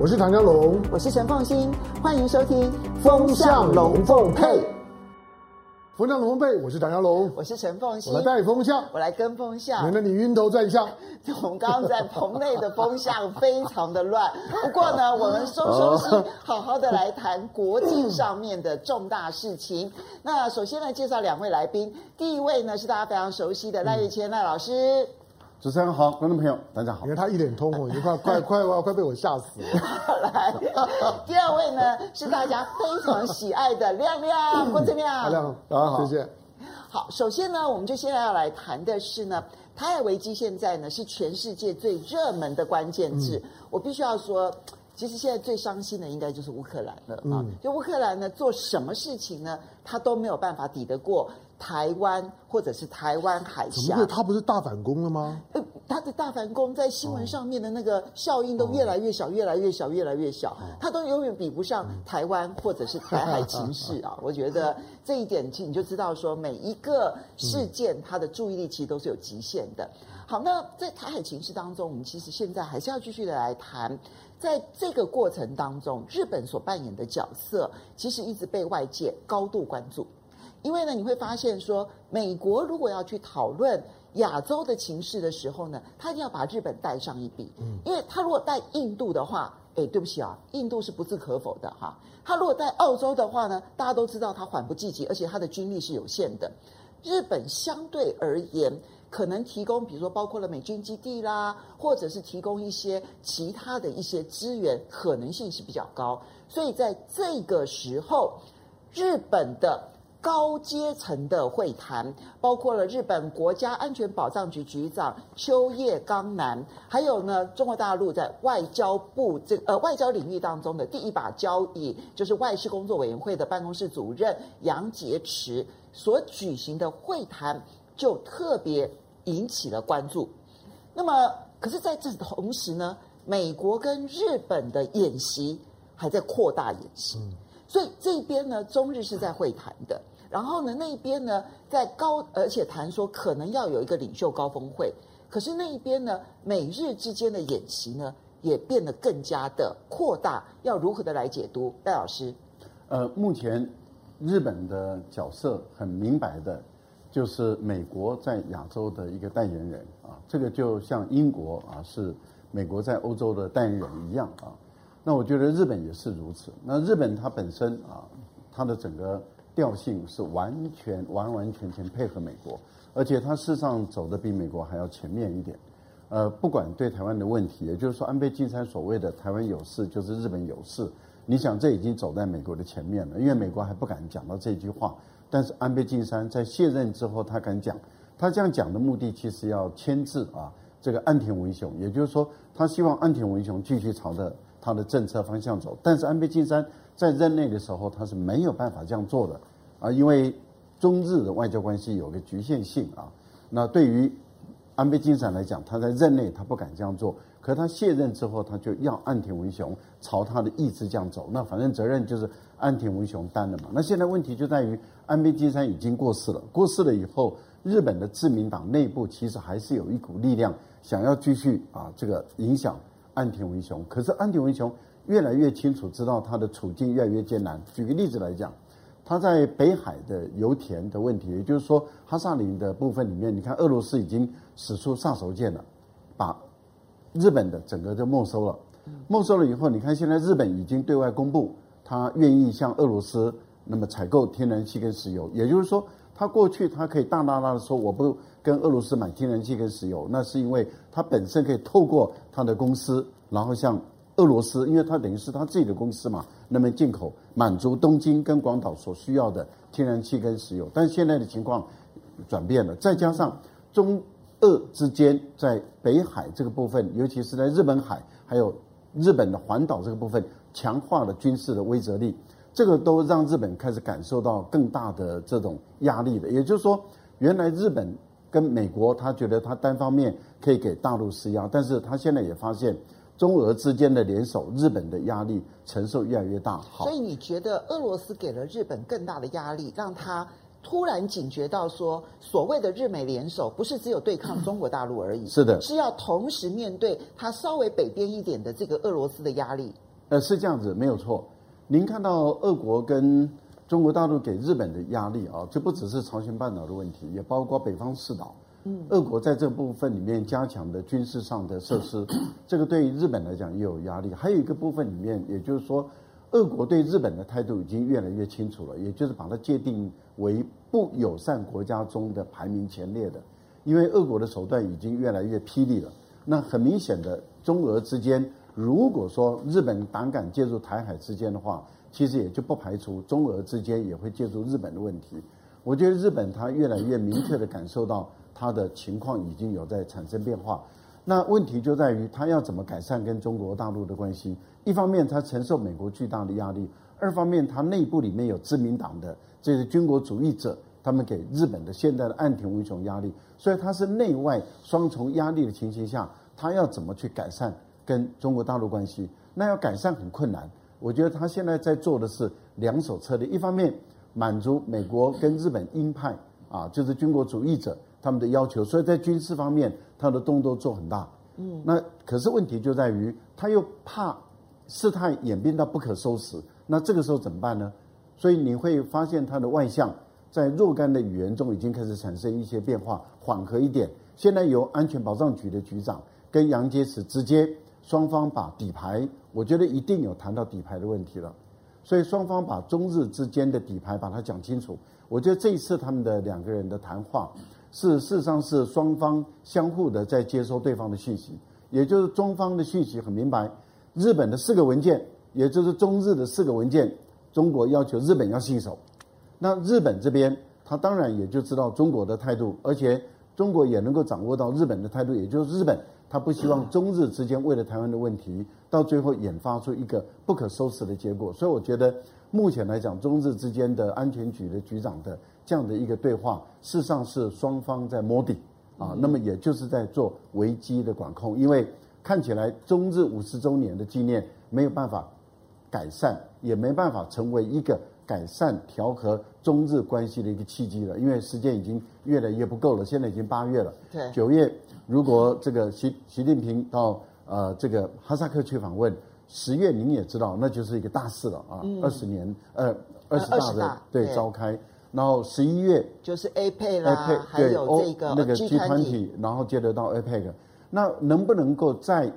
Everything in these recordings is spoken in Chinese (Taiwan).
我是唐湘龍，我是陳鳳馨，歡迎收聽《風向龍鳳配》。《風向龍鳳配》，我是唐湘龍，我是陳鳳馨。我來帶風向，我來風向，我來跟風向，免得你暈頭轉向。 我們剛剛在棚內的風向非常的亂，不過呢，我們收收心， 好好的來談國際上面的重大事情。 那首先來介紹兩位來賓，第一位呢是大家非常熟悉的賴岳謙老師。 主持人好，觀眾朋友大家好。因為他一臉通紅， 你快快快快快被我嚇死了。 來，第二位呢是大家非常喜愛的亮亮郭正亮。亮亮、嗯，亮好好，好，謝謝好。好，首先呢，我們就現在要來談的是呢，台海危機現在呢是全世界最熱門的關鍵字、嗯。我必須要說，其實現在最傷心的應該就是烏克蘭了啊、嗯！就烏克蘭呢做什麼事情呢，他都沒有辦法抵得過。台灣或者是台灣海峽，怎麼會？他不是大反攻了嗎？呃，它的大反攻在新聞上面的那個效應都越來越小,、oh. 越來越小，越來越小，越來越小，它、oh. 都永遠比不上台灣、嗯、或者是台海情勢啊！ 我覺得這一點，其實你就知道，說每一個事件它的注意力其實都是有極限的、嗯。好，那在台海情勢當中，我們其實現在還是要繼續的來談，在這個過程當中，日本所扮演的角色其實一直被外界高度關注。因為呢，你會發現說，美國如果要去討論亞洲的情勢的時候呢，他一定要把日本帶上一筆，因為他如果帶印度的話，哎，對不起啊，印度是不置可否的哈。他如果帶澳洲的話呢，大家都知道他緩不濟急，而且他的軍力是有限的。日本相對而言，可能提供，比如說包括了美軍基地啦，或者是提供一些其他的一些資源，可能性是比較高。所以在這個時候，日本的，高階層的會談，包括了日本國家安全保障局局長秋葉剛男，還有呢，中國大陸在外交部這呃，外交領域當中的第一把交椅，就是外事工作委員會的辦公室主任楊潔篪所舉行的會談，就特別引起了關注。那麼，可是，在這同時呢，美國跟日本的演習還在擴大演習。嗯所以這邊呢，中日是在會談的，然後呢，那一邊呢，在高而且談說可能要有一個領袖高峰會，可是那一邊呢，美日之間的演習呢，也變得更加的擴大，要如何的來解讀？賴老師，呃，目前日本的角色很明白的，就是美國在亞洲的一個代言人啊，這個就像英國啊，是美國在歐洲的代言人一樣啊。那我覺得日本也是如此。那日本它本身啊，它的整個調性是完全完完全全配合美國，而且它事實上走得比美國還要前面一點。呃，不管對台灣的問題，也就是說安倍晉三所謂的“台灣有事”就是日本有事。你想，這已經走在美國的前面了，因為美國還不敢講到這句話。但是安倍晉三在卸任之後，他敢講。他這樣講的目的其實要牽制啊這個岸田文雄，也就是說他希望岸田文雄繼續朝着他的政策方向走，但是安倍晉三在任內的時候，他是沒有辦法這樣做的啊，因為中日的外交關係有個局限性啊。那對於安倍晉三來講，他在任內他不敢這樣做，可他卸任之後，他就要岸田文雄朝他的意志這樣走。那反正責任就是岸田文雄擔的嘛。那現在問題就在於安倍晉三已經過世了，過世了以後，日本的自民黨內部其實還是有一股力量想要繼續啊這個影響。岸田文雄，可是岸田文雄越來越清楚知道他的處境越來越艱難。舉個例子來講，他在北海的油田的問題，也就是說，哈薩林的部分裡面，你看俄羅斯已經使出殺手鐧了，把日本的整個就沒收了。沒收了以後，你看現在日本已經對外公布，他願意向俄羅斯那麼採購天然氣跟石油。也就是說，他過去他可以大大大的說，我不。跟俄羅斯買天然氣跟石油，那是因為它本身可以透過它的公司，然後向俄羅斯，因為它等於是它自己的公司嘛，那麼進口滿足東京跟廣島所需要的天然氣跟石油。但是現在的情況轉變了，再加上中俄之間在北海這個部分，尤其是在日本海，還有日本的環島這個部分，強化了軍事的威懾力，這個都讓日本開始感受到更大的這種壓力的。也就是說，原來日本。跟美國，他覺得他單方面可以給大陸施壓，但是他現在也發現中俄之間的聯手，日本的壓力承受越來越大，好。所以你覺得俄羅斯給了日本更大的壓力，讓他突然警覺到說，所謂的日美聯手不是只有對抗中國大陸而已， 是的，是要同時面對他稍微北邊一點的這個俄羅斯的壓力。呃，是這樣子，沒有錯。您看到俄國跟。中國大陸給日本的壓力啊，這不只是朝鮮半島的問題，也包括北方四島。嗯，俄國在這個部分裡面加強的軍事上的設施，嗯、這個對於日本來講也有壓力。還有一個部分裡面，也就是說，俄國對日本的態度已經越來越清楚了，也就是把它界定為不友善國家中的排名前列的。因為俄國的手段已經越來越霹靂了。那很明顯的，中俄之間，如果說日本膽敢介入台海之間的話。其實也就不排除中俄之間也會借助日本的問題。我覺得日本它越來越明確的感受到，它的情況已經有在產生變化。那問題就在於它要怎麼改善跟中國大陸的關係。一方面它承受美國巨大的壓力，二方面它內部裡面有自民黨的這個軍國主義者，他們給日本的現在的岸田文雄壓力。所以它是內外雙重壓力的情形下，它要怎麼去改善跟中國大陸關係？那要改善很困難。我覺得他現在在做的是兩手策略，一方面滿足美國跟日本鷹派啊，就是軍國主義者他們的要求，所以在軍事方面他的動作做很大，嗯，那可是問題就在於他又怕事態演變到不可收拾，那這個時候怎麼辦呢？所以你會發現他的外相在若干的語言中已經開始產生一些變化，緩和一點。現在由安全保障局的局長跟楊潔篪直接雙方把底牌。我覺得一定有談到底牌的問題了，所以雙方把中日之間的底牌把它講清楚。我覺得這一次他們的兩個人的談話，是事實上是雙方相互的在接收對方的信息，也就是中方的信息很明白，日本的四個文件，也就是中日的四個文件，中國要求日本要信守。那日本這邊他當然也就知道中國的態度，而且中國也能夠掌握到日本的態度，也就是日本他不希望中日之間為了台灣的問題，到最後引發出一個不可收拾的結果，所以我覺得目前來講，中日之間的安全局的局長的這樣的一個對話，事實上是雙方在摸底啊，那麼也就是在做危機的管控，因為看起來中日五十周年的紀念沒有辦法改善，也沒辦法成為一個改善調和中日關係的一個契機了，因為時間已經越來越不夠了，現在已經八月了，九月如果這個習習近平到。呃，這個哈薩克去訪問，十月您也知道，那就是一個大事了啊，二十年，嗯，呃，二十大的、嗯、大對召開，然後十一月就是啦 APEC 啦，還有這個 o, 那個集團體，然後接着到 APEC，那能不能夠在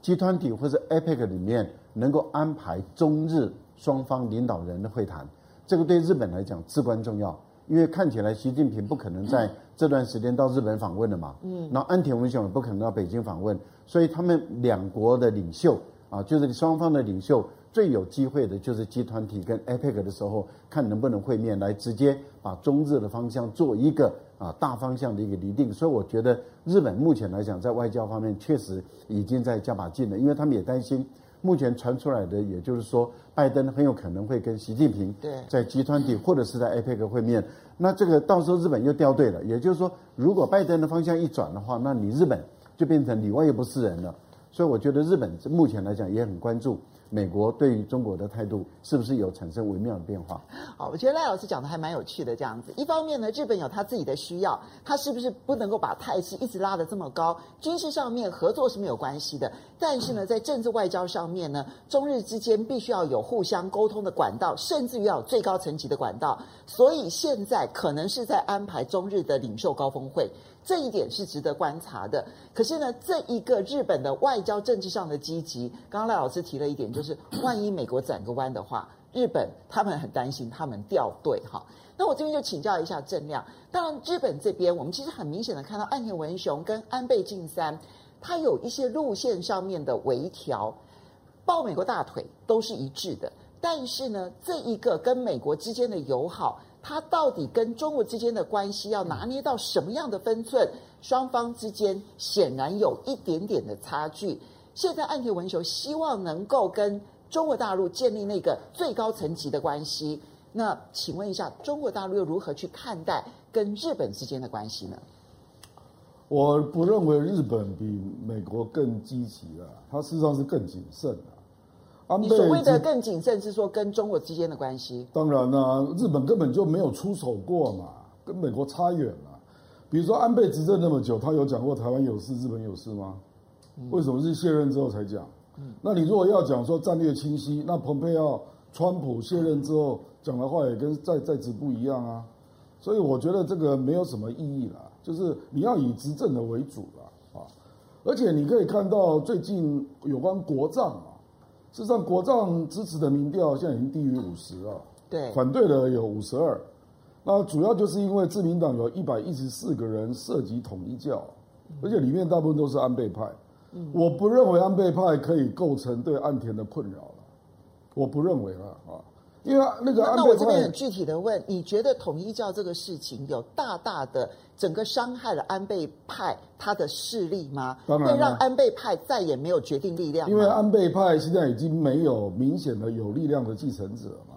集團體或者 APEC 裡面能夠安排中日雙方領導人的會談？這個對日本來講至關重要。因為看起來習近平不可能在這段時間到日本訪問了嘛，嗯，那岸田文雄也不可能到北京訪問，所以他們兩國的領袖啊，就是雙方的領袖，最有機會的就是 G20 跟 APEC 的時候，看能不能會面來直接把中日的方向做一個啊大方向的一個釐定。所以我覺得日本目前來講在外交方面確實已經在加把勁了，因為他們也擔心。目前傳出來的，也就是說，拜登很有可能會跟習近平對在集團體或者是在 APEC 會面。那這個到時候日本又掉隊了。也就是說，如果拜登的方向一轉的話，那你日本就變成裡外又不是人了。所以我覺得日本目前來講也很關注。美國對於中國的態度是不是有產生微妙的變化？好，我覺得賴老師講的還蠻有趣的，這樣子。一方面呢，日本有他自己的需要，他是不是不能夠把態勢一直拉得這麼高？軍事上面合作是沒有關係的，但是呢，在政治外交上面呢，中日之間必須要有互相溝通的管道，甚至於要有最高層級的管道。所以現在可能是在安排中日的領袖高峰會。這一點是值得觀察的。可是呢，這一個日本的外交政治上的積極，剛剛賴老師提了一點，就是萬一美國轉個彎的話，日本他們很擔心他們掉隊哈。那我這邊就請教一下正亮。當然，日本這邊我們其實很明顯的看到岸田文雄跟安倍晉三，他有一些路線上面的微調，抱美國大腿都是一致的。但是呢，這一個跟美國之間的友好。他到底跟中國之間的關係要拿捏到什麼樣的分寸？雙方之間顯然有一點點的差距。現在岸田文雄希望能夠跟中國大陸建立那個最高層級的關係。那請問一下，中國大陸又如何去看待跟日本之間的關係呢？我不認為日本比美國更積極了、啊，它事實上是更謹慎的。你所謂的更謹慎是說跟中國之間的關係？當然啦、啊，日本根本就沒有出手過嘛，跟美國差遠了。比如說安倍執政那麼久，他有講過台灣有事，日本有事嗎？為什麼是卸任之後才講、嗯？那你如果要講說、嗯、說戰略清晰，那蓬佩奧、川普卸任之後講的話也跟在在職不一樣啊。所以我覺得這個沒有什麼意義啦，就是你要以執政的為主啦，啊，而且你可以看到最近有關國葬。事實上，國葬支持的民調現在已經低於五十了、嗯。對，反對的有五十二。那主要就是因為自民黨有一百一十四個人涉及統一教，而且裡面大部分都是安倍派。嗯、我不認為安倍派可以構成對岸田的困擾，我不認為了啊。因為那個……那我這邊很具體的問，你覺得統一教這個事情有大大的整個傷害了安倍派他的勢力嗎？當然，讓安倍派再也沒有決定力量。因為安倍派現在已經沒有明顯的有力量的繼承者了嘛，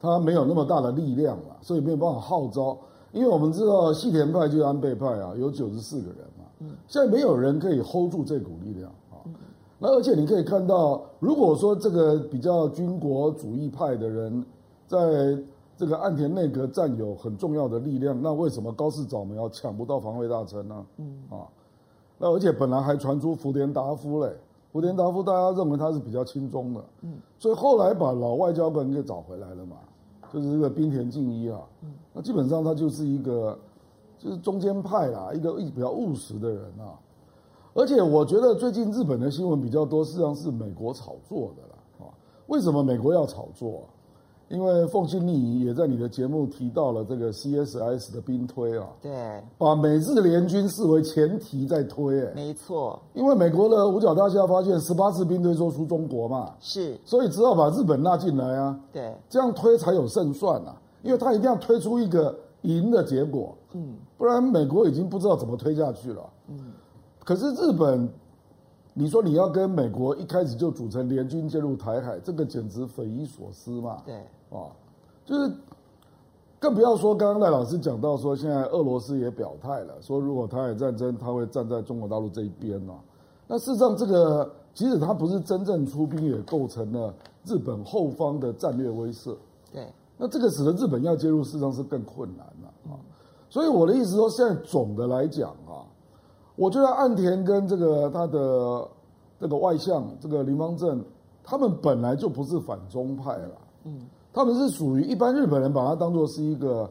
他沒有那麼大的力量了，所以沒有辦法號召。因為我們知道細田派就是安倍派啊，有九十四個人嘛，現在沒有人可以 hold 住這股力量。那而且你可以看到，如果說這個比較軍國主義派的人，在這個岸田內閣佔有很重要的力量，那為什麼高市早苗要搶不到防衛大臣呢？嗯啊，那而且本來還傳出福田達夫嘞，福田達夫大家認為他是比較親中的，嗯，所以後來把老外交官給找回來了嘛，就是這個濱田靖一啊，嗯，那基本上他就是一個就是中間派啦，一個一比較務實的人啊。而且我覺得最近日本的新聞比較多，實際上是美國炒作的了啊。為什麼美國要炒作？因為奉信利益，也在你的節目提到了這個 CSS 的兵推啊。對。把美日聯軍視為前提在推、欸，哎。沒錯。因為美國的五角大廈發現十八次兵推都輸中國嘛。是。所以只好把日本拉進來啊。對。這樣推才有勝算啊。因為他一定要推出一個贏的結果。嗯。不然美國已經不知道怎麼推下去了。嗯。可是日本，你說你要跟美國一開始就組成聯軍介入台海，這個簡直匪夷所思嘛。對，啊，就是更不要說剛剛賴老師講到說，現在俄羅斯也表態了，說如果台海戰爭，他會站在中國大陸這一邊呢，啊。那事實上，這個即使他不是真正出兵，也構成了日本後方的戰略威懾。對，那這個使得日本要介入，事實上是更困難了啊，啊。所以我的意思說，現在總的來講。我覺得岸田跟這個他的這個外相這個林芳正，他們本來就不是反中派了，嗯，他們是屬於一般日本人，把他當作是一個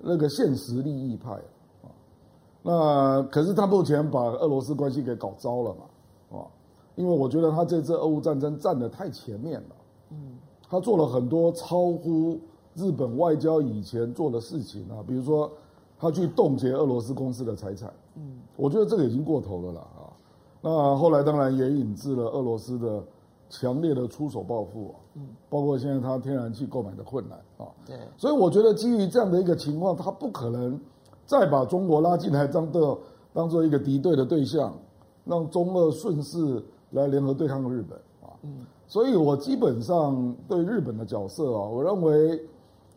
那個現實利益派啊。那可是他目前把俄羅斯關係給搞糟了嘛，啊？因為我覺得他這次俄烏戰爭站得太前面了，嗯，他做了很多超乎日本外交以前做的事情啊，比如說他去凍結俄羅斯公司的財產，嗯。我覺得這個已經過頭了啦。啊！那後來當然也引致了俄羅斯的強烈的出手報復啊，包括現在它天然氣購買的困難啊。對，所以我覺得基於這樣的一個情況，它不可能再把中國拉進來當做當做一個敵對的對象，讓中俄順勢來聯合對抗日本啊。嗯，所以我基本上對日本的角色啊，我認為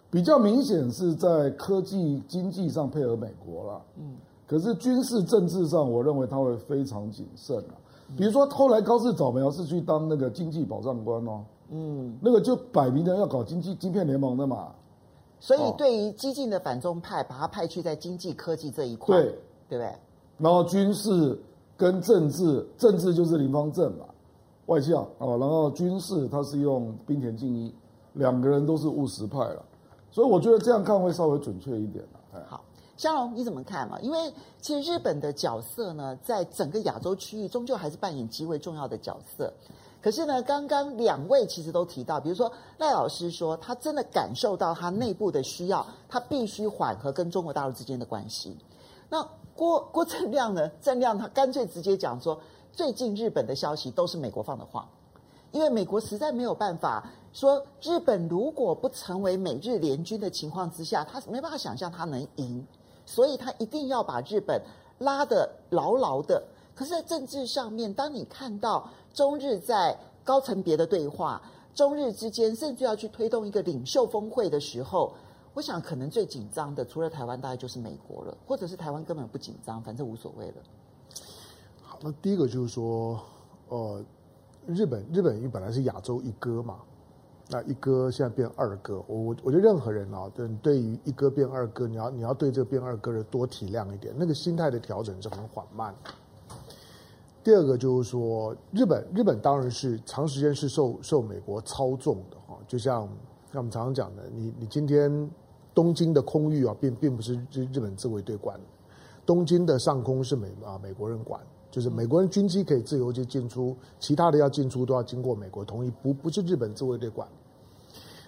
比較明顯是在科技經濟上配合美國了。嗯。可是軍事政治上，我認為他會非常謹慎啊。比如說，後來高市早苗是去當那個經濟保障官哦，嗯，那個就擺明了要搞經濟晶片聯盟的嘛、哦。所以，對於激進的反中派，把他派去在經濟科技這一塊，對對不對？然後軍事跟政治，政治就是林芳正嘛、外相、哦、然後軍事他是用濱田靖一，兩個人都是務實派了，所以我覺得這樣看會稍微準確一點哎好。香龍，你怎麼看嘛？因為其實日本的角色呢，在整個亞洲區域，終究還是扮演極為重要的角色。可是呢，剛剛兩位其實都提到，比如說賴老師說，他真的感受到他內部的需要，他必須緩和跟中國大陸之間的關係。那郭郭正亮呢？正亮他乾脆直接講說，最近日本的消息都是美國放的話，因為美國實在沒有辦法說，日本如果不成為美日聯軍的情況之下，他沒辦法想象他能贏。所以他一定要把日本拉得牢牢的。可是，在政治上面，當你看到中日在高層別的對話，中日之間甚至要去推動一個領袖峰會的時候，我想可能最緊張的除了台灣，大概就是美國了，或者是台灣根本不緊張，反正無所謂了。好，那第一個就是說，呃，日本日本因為本來是亞洲一哥嘛。那一哥現在變二哥，我我我覺得任何人啊，對對於一哥變二哥，你要你要對這個變二哥的多體諒一點，那個心態的調整是很緩慢的。第二個就是說，日本日本當然是長時間是受受美國操縱的哦、啊，就像像我們常常講的，你你今天東京的空域啊，并並不是日本自衛隊管的，東京的上空是美啊美國人管的。就是美國人軍機可以自由就進出，其他的要進出都要經過美國同意，不不是日本自衛隊管。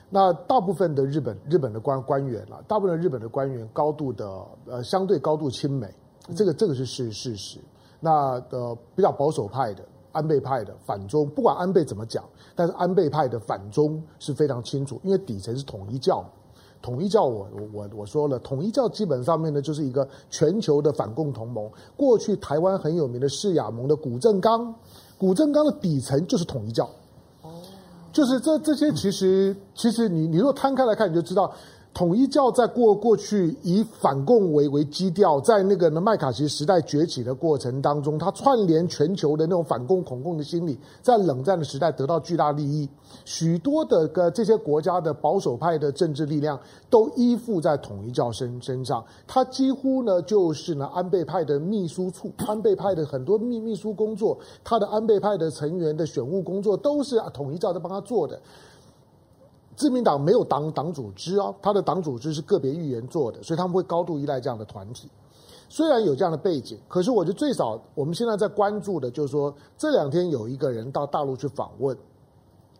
那大部分的日本日本的官官員啊，大部分日本的官員高度的呃相對高度親美，這個這個是事事實。那的、呃、比較保守派的安倍派的反中，不管安倍怎麼講，但是安倍派的反中是非常清楚，因為底層是統一教嘛。統一教我我我說了，統一教基本上面呢就是一個全球的反共同盟。過去台灣很有名的世亞盟的谷正綱，谷正綱的底層就是統一教，就是這這些其實其實你你如果攤開來看你就知道。統一教在過過去以反共為為基調，在那個呢麥卡錫時代崛起的過程當中，它串聯全球的那種反共恐共的心理，在冷戰的時代得到巨大利益。許多的呃這些國家的保守派的政治力量都依附在統一教身身上，他幾乎呢就是呢安倍派的秘書處，安倍派的很多秘秘書工作，他的安倍派的成員的選務工作都是啊統一教在幫他做的。自民黨沒有黨黨組織啊、哦，他的黨組織是個別議員做的，所以他們會高度依賴這樣的團體。雖然有這樣的背景，可是我覺得最少我們現在在關注的就是說，這兩天有一個人到大陸去訪問，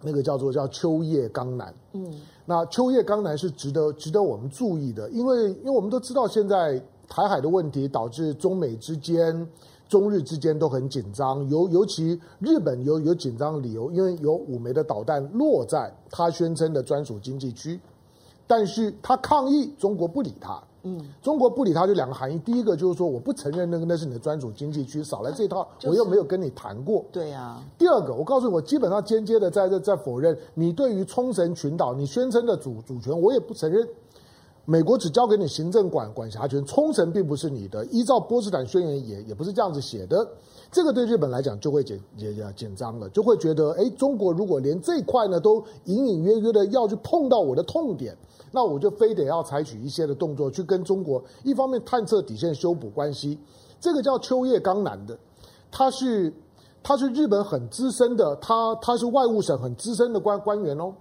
那個叫做叫秋葉剛男。嗯，那秋葉剛男是值得值得我們注意的，因為因為我們都知道現在台海的問題導致中美之間。中日之間都很緊張，尤尤其日本有有緊張的理由，因為有五枚的導彈落在他宣稱的專屬經濟區，但是他抗議中國不理他。嗯，中國不理他就兩個含義，第一個就是說我不承認那個那是你的專屬經濟區，少來這一套，我又沒有跟你談過。就是、對呀、啊，第二個我告訴你，我基本上間接的在在否認你對於沖繩群島你宣稱的主主權，我也不承認。美國只交給你行政管管轄權，沖繩並不是你的。依照波茨坦宣言，也也不是這樣子寫的，這個對日本來講就會緊也也緊張了，就會覺得誒，中國如果連這一塊呢都隱隱約約的要去碰到我的痛點，那我就非得要採取一些的動作去跟中國一方面探測底線、修補關係。這個叫秋葉剛男的，他是他是日本很資深的，他他是外務省很資深的官官員哦。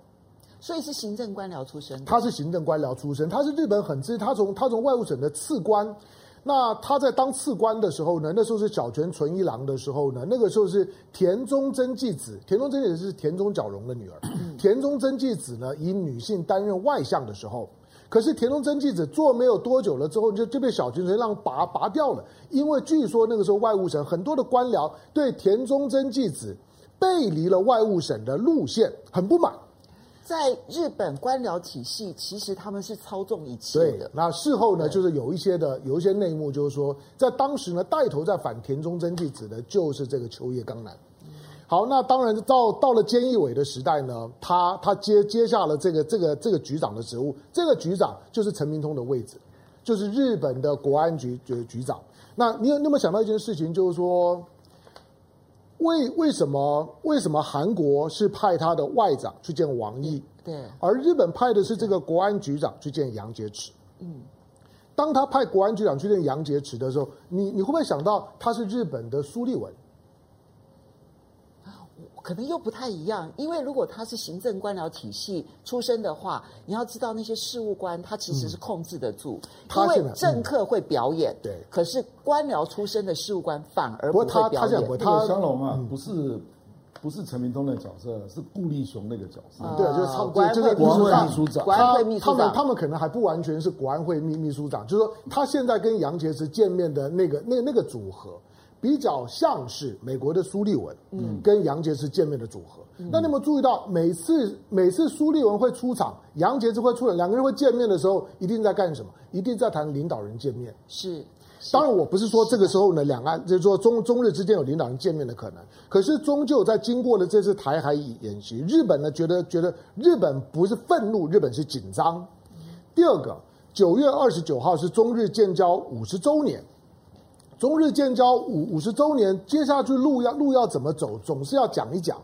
所以是行政官僚出身。他是行政官僚出身，他是日本很知，他從他從外務省的次官，那他在當次官的時候呢，那時候是小泉純一郎的時候呢，那個時候是田中真紀子，田中真紀子是田中角榮的女兒，田中真紀子呢以女性擔任外相的時候，可是田中真紀子做沒有多久了之後，就就被小泉純一郎拔拔掉了，因為據說那個時候外務省很多的官僚對田中真紀子背離了外務省的路線很不滿。在日本官僚體系，其實他們是操縱一切的。對，那事後呢，就是有一些的，有一些內幕，就是說，在當時呢，帶頭在反田中真紀子，指的就是這個秋葉剛男。好，那當然到到了菅義偉的時代呢，他他接接下了這個這個這個局長的職務，這個局長就是陳明通的位置，就是日本的國安局局局長。那你有沒有想到一件事情，就是說，為為什麼為什麼韓國是派他的外長去見王毅，對，對，而日本派的是這個國安局長去見楊潔篪？嗯，當他派國安局長去見楊潔篪的時候，你你會不會想到他是日本的蘇利文？可能又不太一樣，因為如果他是行政官僚體系出身的話，你要知道那些事務官他其實是控制得住，嗯、他因為政客會表演，嗯，對，可是官僚出身的事務官反而不會表演。不，他，他、那個、他，他香龍啊，不是不是陳明通的角色，是顧立雄那個角色，嗯、對，就是安，就是、國安會秘書長，國安會秘書長，他，他們他們可能還不完全是國安會秘秘書長，就是說他現在跟楊潔篪見面的那個那那個組合。比較像是美國的蘇利文跟楊潔篪見面的組合。嗯、那你們注意到，嗯、每次每次蘇利文會出場，楊潔篪會出場，兩個人會見面的時候，一定在幹什麼？一定在談領導人見面。是。是當然，我不是說這個時候呢，兩岸就是說中中日之間有領導人見面的可能。可是，終究在經過了這次台海演習，日本呢覺得覺得日本不是憤怒，日本是緊張、嗯。第二個，九月二十九號是中日建交五十周年。中日建交五五十周年，接下去路要路要怎麼走，總是要講一講。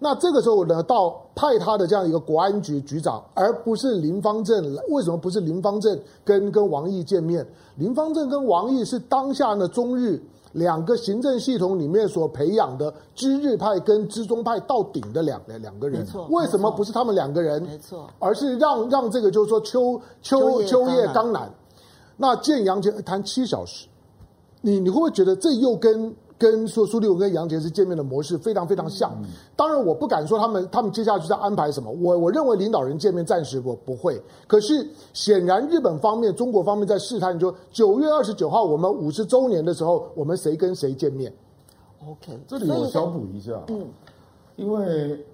那這個時候呢，到派他的這樣一個國安局局長，而不是林芳正。為什麼不是林芳正跟跟王毅見面？林芳正跟王毅是當下呢中日兩個行政系統裡面所培養的知日派跟知中派到頂的兩兩個人。為什麼不是他們兩個人？沒錯，而是讓讓這個就是說秋秋秋葉剛男。那建陽前談七小時。你你會不會覺得這又跟跟說蘇利文跟楊潔篪見面的模式非常非常像？嗯嗯、當然，我不敢說他們他們接下去在安排什麼。我我認為領導人見面暫時我不會。可是顯然日本方面、中國方面在試探，就九月二十九號我們五十周年的時候，我們誰跟誰見面？OK，這裡我小補一下，嗯，因為。嗯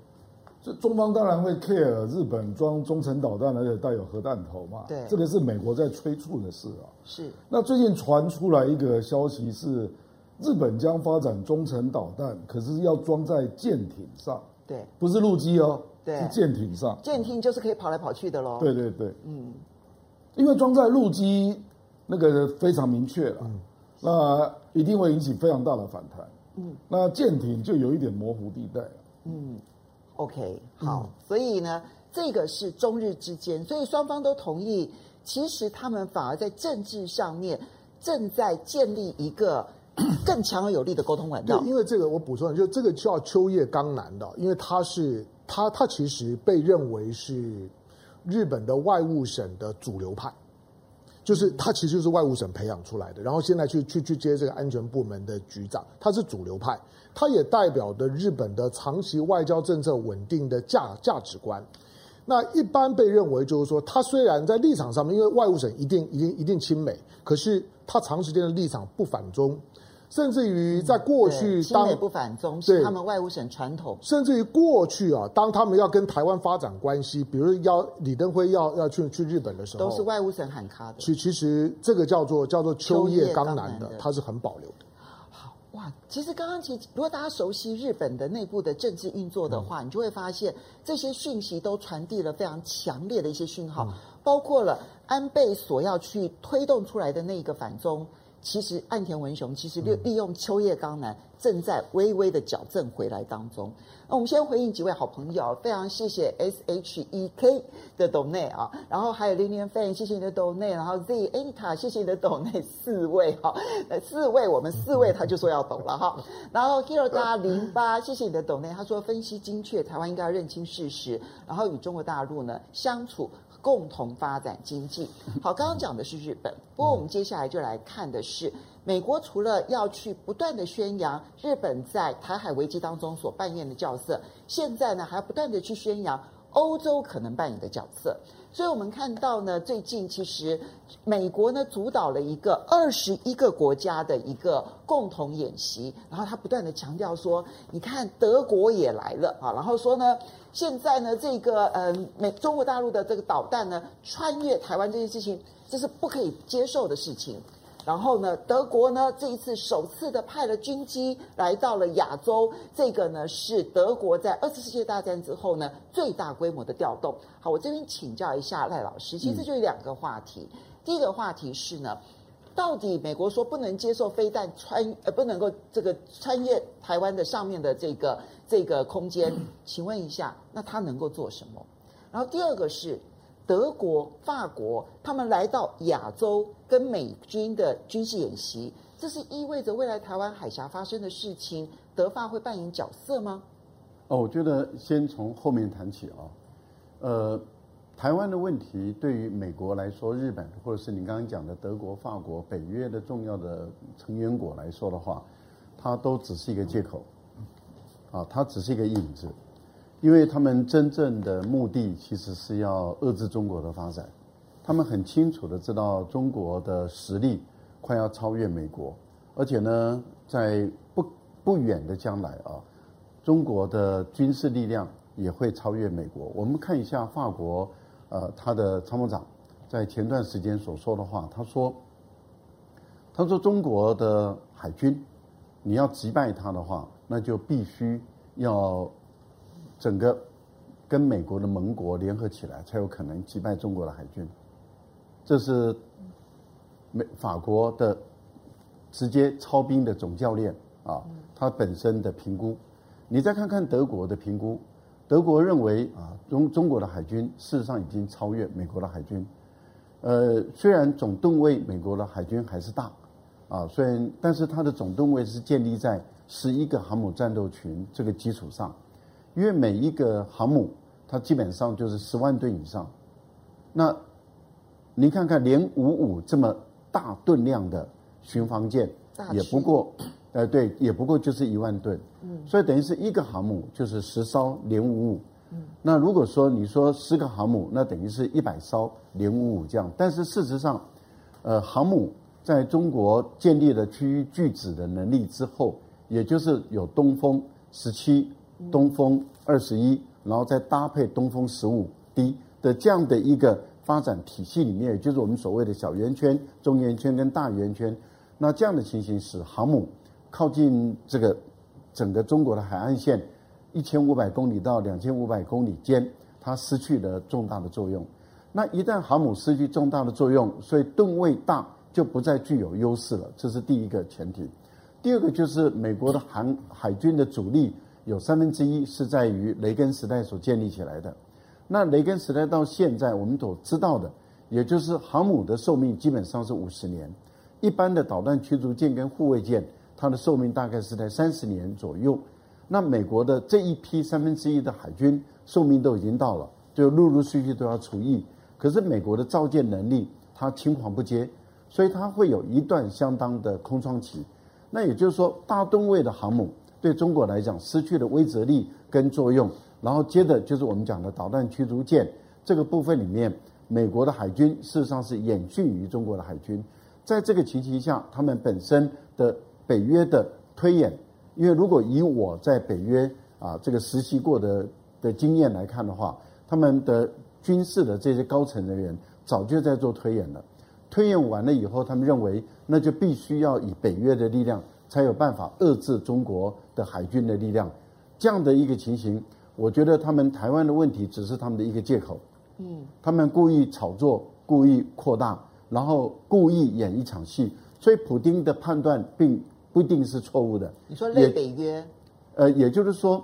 這中方當然會 care 日本裝中程導彈，而且帶有核彈頭嘛？對，這個是美國在催促的事啊。是。那最近傳出來一個消息是，日本將發展中程導彈，可是要裝在艦艇上。對。不是陸基哦，哦。對。是艦艇上。艦艇就是可以跑來跑去的嘍。對對對。嗯。因為裝在陸基，嗯，那個非常明確了，啊嗯。那一定會引起非常大的反彈。嗯。那艦艇就有一點模糊地帶，啊。嗯。嗯 OK，好，所以呢，嗯，這個是中日之間，所以雙方都同意。其實他們反而在政治上面正在建立一個更強而有力的溝通管道。因為這個，我補充，就這個叫秋葉剛男的，因為他是他他其實被認為是日本的外務省的主流派，就是他其實是外務省培養出來的，然後現在去去去接這個安全部門的局長，他是主流派。它也代表着日本的長期外交政策穩定的價價值觀，那一般被認為就是說，它雖然在立場上面，因為外務省一定一定一定親美，可是它長時間的立場不反中，甚至於在過去當、嗯、親美不反中是他們外務省傳統，甚至於過去啊，當他們要跟台灣發展關係，比如要李登輝要要去去日本的時候，都是外務省喊卡的。其其實這個叫做叫做秋葉剛男的，他是很保留的。其實剛剛，其實如果大家熟悉日本的內部的政治運作的話，你就會發現這些訊息都傳遞了非常強烈的一些訊號，包括了安倍所要去推動出來的那個反中。其實岸田文雄其實利利用秋葉剛男正在微微的矯正回來當中。那我們先回應幾位好朋友，非常謝謝 S H E K 的董內啊，然後還有 Lillian Fan，謝謝你的董內，然後 Z Anita，謝謝你的董內、啊，四位哈，四位我們四位他就說要懂了哈。 然後 Hero 加零八，謝謝你的董內，他說分析精確，台灣應該要認清事實，然後與中國大陸呢相處。共同發展經濟。好，剛剛講的是日本，不過我們接下來就來看的是美國，除了要去不斷的宣揚日本在台海危機當中所扮演的角色，現在呢，還要不斷的去宣揚。歐洲可能扮演的角色，所以我們看到呢，最近其實美國呢主導了一個二十一個國家的一個共同演習，然後他不斷地強調說，你看德國也來了啊，然後說呢，現在呢這個嗯、呃、美中國大陸的這個導彈呢穿越台灣這件事情，這是不可以接受的事情。然後呢，德國呢這一次首次的派了軍機來到了亞洲，這個呢是德國在二次世界大戰之後呢最大規模的調動。好，我這邊請教一下賴老師，其實這就是兩個話題。嗯。第一個話題是呢，到底美國說不能接受飛彈穿呃不能夠這個穿越台灣的上面的這個這個空間。嗯，請問一下，那他能夠做什麼？然後第二個是。德國、法國，他們來到亞洲跟美軍的軍事演習，這是意味着未來台灣海峽發生的事情，德法會扮演角色嗎？哦，我覺得先從後面談起啊、哦。呃，台灣的問題對於美國來說，日本或者是你剛剛講的德國、法國、北約的重要的成員國來說的話，它都只是一個借口，嗯、啊，它只是一個影子。因為他們真正的目的其實是要遏制中國的發展，他們很清楚的知道中國的實力快要超越美國，而且呢，在不不遠的將來啊，中國的軍事力量也會超越美國。我們看一下法國，呃，他的參謀長在前段時間所說的話，他說：“他說中國的海軍，你要擊敗他的話，那就必須要。”整個跟美國的盟國聯合起來，才有可能擊敗中國的海軍。這是美法國的直接操兵的總教練啊，他本身的評估。你再看看德國的評估。德國認為啊，中中國的海軍事實上已經超越美國的海軍。呃，雖然總噸位美國的海軍還是大啊，雖然但是它的總噸位是建立在十一個航母戰鬥群這個基礎上。因為每一個航母，它基本上就是十萬噸以上。那您看看，零五五這麼大噸量的巡防艦，也不過，呃，對，也不過就是一萬噸。嗯，所以等於是一個航母就是十艘零五五。嗯，那如果說你說十個航母，那等於是一百艘零五五這樣。但是事實上，呃，航母在中國建立了區域拒止的能力之後，也就是有東風十七。東風二十一，然後再搭配東風十五 D 的這樣的一個發展體系裡面，也就是我們所謂的小圓圈、中圓圈跟大圓圈。那這樣的情形使航母靠近這個整個中國的海岸線一千五百公里到兩千五百公里間，它失去了重大的作用。那一旦航母失去重大的作用，所以噸位大就不再具有優勢了。這是第一個前提。第二個就是美國的航海軍的主力。有三分之一是在於雷根時代所建立起來的，那雷根時代到現在我們所知道的，也就是航母的壽命基本上是五十年，一般的導彈驅逐艦跟護衛艦它的壽命大概是在三十年左右。那美國的這一批三分之一的海軍壽命都已經到了，就陸陸續續都要除役。可是美國的造艦能力它青黃不接，所以它會有一段相當的空窗期。那也就是說，大噸位的航母，對中國來講，失去了威懾力跟作用，然後接着就是我們講的導彈驅逐艦這個部分裡面，美國的海軍事實上是遠遜於中國的海軍。在這個情形下，他們本身的北約的推演，因為如果以我在北約啊這個實習過的的經驗來看的話，他們的軍事的這些高層人員早就在做推演了，推演完了以後，他們認為那就必須要以北約的力量。才有辦法遏制中國的海軍的力量。這樣的一個情形，我覺得他們台灣的問題只是他們的一個借口。嗯，他們故意炒作，故意擴大，然後故意演一場戲。所以，普丁的判斷並不一定是錯誤的。你說類北約？呃，也就是說，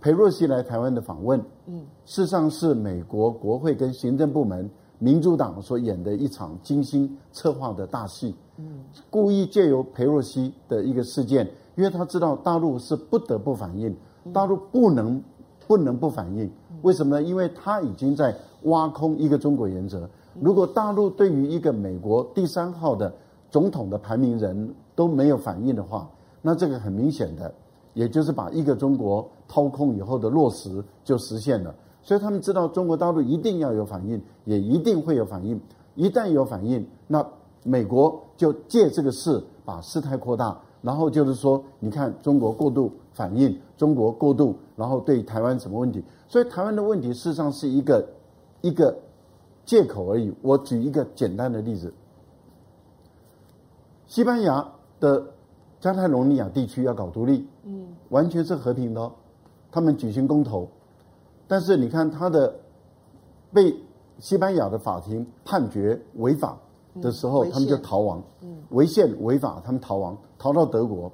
裴洛西來台灣的訪問，嗯，事實上是美國國會跟行政部門民主黨所演的一場精心策劃的大戲。嗯、故意借由裴洛西的一個事件，因為他知道大陸是不得不反應，大陸不能不能不反應。為什麼呢？因為他已經在挖空一個中國原則。如果大陸對於一個美國第三號的總統的排名人都沒有反應的話，那這個很明顯的，也就是把一個中國掏空以後的落實就實現了。所以他們知道中國大陸一定要有反應，也一定會有反應。一旦有反應，那。美國就借這個事把事態擴大，然後就是說，你看中國過度反應，中國過度，然後對台灣什麼問題？所以台灣的問題事實上是一個一個借口而已。我舉一個簡單的例子：西班牙的加泰隆尼亞地區要搞獨立，嗯，完全是和平的哦，他們舉行公投，但是你看他的被西班牙的法庭判決違法。的時候、嗯，他們就逃亡，違憲違法，他們逃亡、嗯，逃到德國，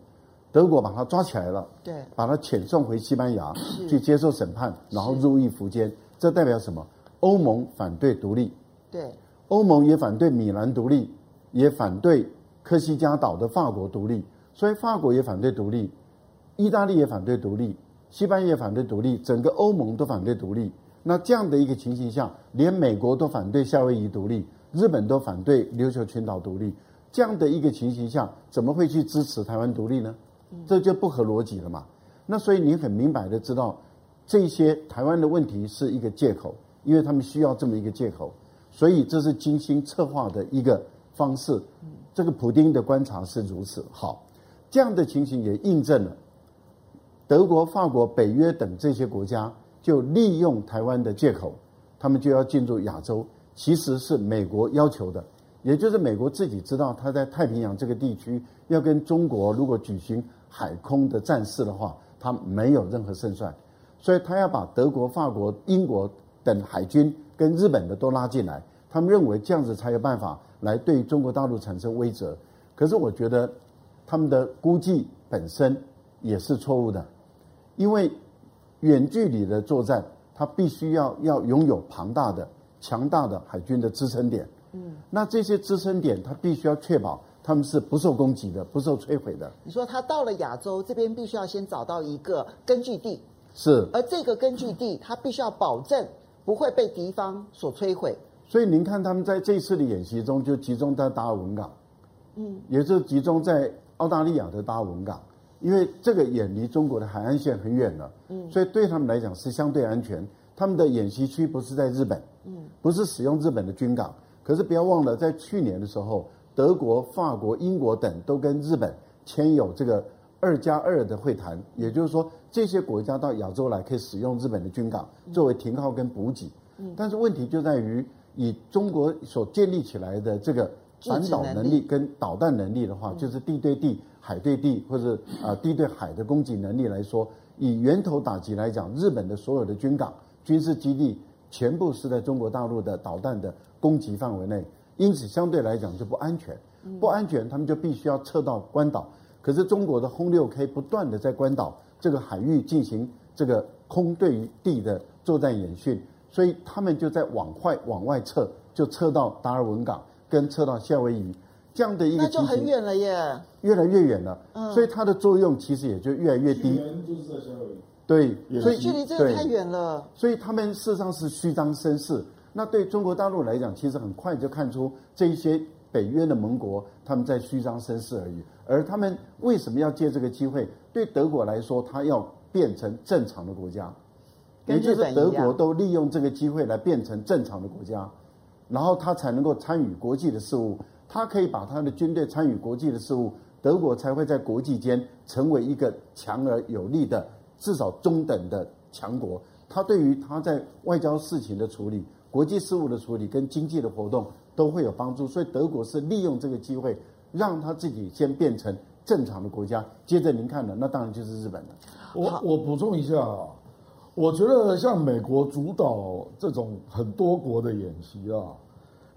德國把他抓起來了，對，把他遣送回西班牙去接受審判，然後入獄服監。這代表什麼？歐盟反對獨立，對，歐盟也反對米蘭獨立，也反對科西嘉島的法國獨立，所以法國也反對獨立，意大利也反對獨立，西班牙也反對獨立，整個歐盟都反對獨立。那這樣的一個情形下，連美國都反對夏威夷獨立。日本都反對琉球群島獨立，這樣的一個情形下，怎麼會去支持台灣獨立呢？這就不合邏輯了嘛。那所以你很明白的知道，這些台灣的問題是一個借口，因為他們需要這麼一個借口，所以這是精心策劃的一個方式。這個普丁的觀察是如此好，這樣的情形也印證了德國、法國、北約等這些國家就利用台灣的借口，他們就要進入亞洲。其實是美國要求的，也就是美國自己知道，他在太平洋這個地區要跟中國如果舉行海空的戰事的話，他沒有任何勝算，所以他要把德國、法國、英國等海軍跟日本的都拉進來，他們認為這樣子才有辦法來對中國大陸產生威懾。可是我覺得他們的估計本身也是錯誤的，因為遠距離的作戰，他必須要要擁有龐大的。強大的海軍的支撐點，嗯，那這些支撐點，它必須要確保他們是不受攻擊的、不受摧毀的。你說他到了亞洲這邊，必須要先找到一個根據地，是，而這個根據地，它必須要保證不會被敵方所摧毀。所以您看，他們在這次的演習中，就集中在達爾文港，嗯，也就是集中在澳大利亞的達爾文港，因為這個遠離中國的海岸線很遠了，嗯，所以對他們來講是相對安全。他們的演習區不是在日本，嗯，不是使用日本的軍港。可是不要忘了，在去年的時候，德國、法國、英國等都跟日本簽有這個二加二的會談。也就是說，這些國家到亞洲來可以使用日本的軍港作為停靠跟補給。嗯。但是問題就在於，以中國所建立起來的這個反導能力跟導彈能力的話，就是地對地、海對地或者啊地對海的攻擊能力來說，以源頭打擊來講，日本的所有的軍港。軍事基地全部是在中國大陸的導彈的攻擊範圍內，因此相對來講就不安全。不安全，他們就必須要撤到關島。可是中國的轟六 K 不斷的在關島這個海域進行這個空對地的作戰演訓，所以他們就在往外往外撤，就撤到達爾文港，跟撤到夏威夷這樣的一個。那就很遠了耶。越來越遠了，嗯，所以它的作用其實也就越來越低。對，所以距離這個太遠了。所以他們事實上是虛張聲勢。那對中國大陸來講，其實很快就看出這一些北約的盟國他們在虛張聲勢而已。而他們為什麼要借這個機會？對德國來說，他要變成正常的國家，也就是德國都利用這個機會來變成正常的國家，然後他才能夠參與國際的事務。他可以把他的軍隊參與國際的事務，德國才會在國際間成為一個強而有力的。至少中等的強國，他對於他在外交事情的處理、國際事務的處理、跟經濟的活動都會有幫助，所以德國是利用這個機會，讓他自己先變成正常的國家。接着您看呢，那當然就是日本了。我我補充一下，啊，我覺得像美國主導這種很多國的演習啊。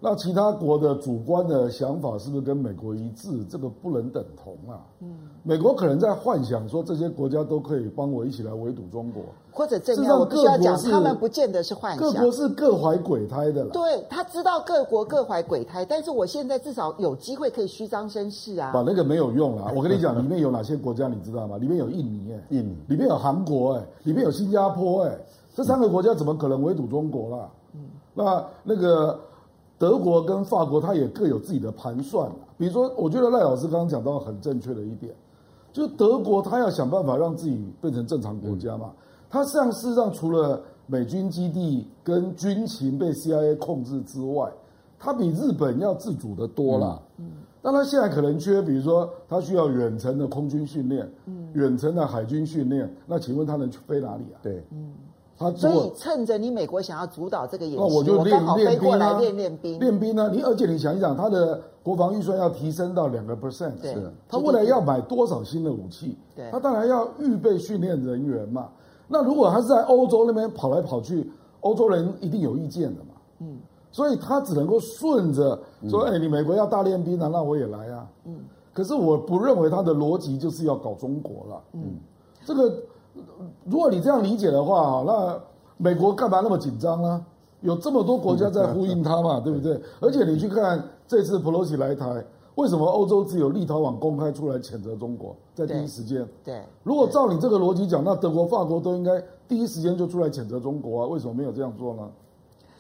那其他國的主觀的想法是不是跟美國一致？這個不能等同啊。嗯，美國可能在幻想說這些國家都可以幫我一起來圍堵中國，或者這樣。國我必須要講，他們不見得是幻想。各國是各懷鬼胎的啦。對，他知道各國各懷鬼胎，但是我現在至少有機會可以虛張聲勢啊。把那個沒有用了，我跟你講，裡面有哪些國家你知道嗎？裡面有印尼、欸，印尼裡面有韓國、欸，哎，裡面有新加坡、欸，哎，這三個國家怎麼可能圍堵中國啦？嗯，那那個。德國跟法國，它也各有自己的盤算啊。比如說，我覺得賴老師剛剛講到很正確的一點，就德國它要想辦法讓自己變成正常國家嘛，它事實上除了美軍基地跟軍情被 CIA 控制之外，它比日本要自主得多了。嗯，但它現在可能缺，比如說它需要遠程的空軍訓練，嗯，遠程的海軍訓練，那請問它能去飛哪裡啊？對，嗯。所以趁着你美國想要主導這個演習，那我就練練兵啊，練練兵。練兵呢、啊？你而且你想一想，他的國防預算要提升到兩個 percent，對，他未來要買多少新的武器？對，他當然要預備訓練人員嘛。那如果他是在歐洲那邊跑來跑去，歐洲人一定有意見的嘛。嗯，所以他只能夠順着說：“嗯、哎，你美國要大練兵了、啊，那我也來啊。”嗯，可是我不認為他的邏輯就是要搞中國了。嗯，嗯這個。如果你這樣理解的話，那美國幹嘛那麼緊張呢？有這麼多國家在呼應他嘛，對不對？而且你去看這次裴洛西來台，為什麼歐洲只有立陶宛公開出來譴責中國，在第一時間？對，對，對，如果照你這個邏輯講，那德國、法國都應該第一時間就出來譴責中國啊，為什麼沒有這樣做呢？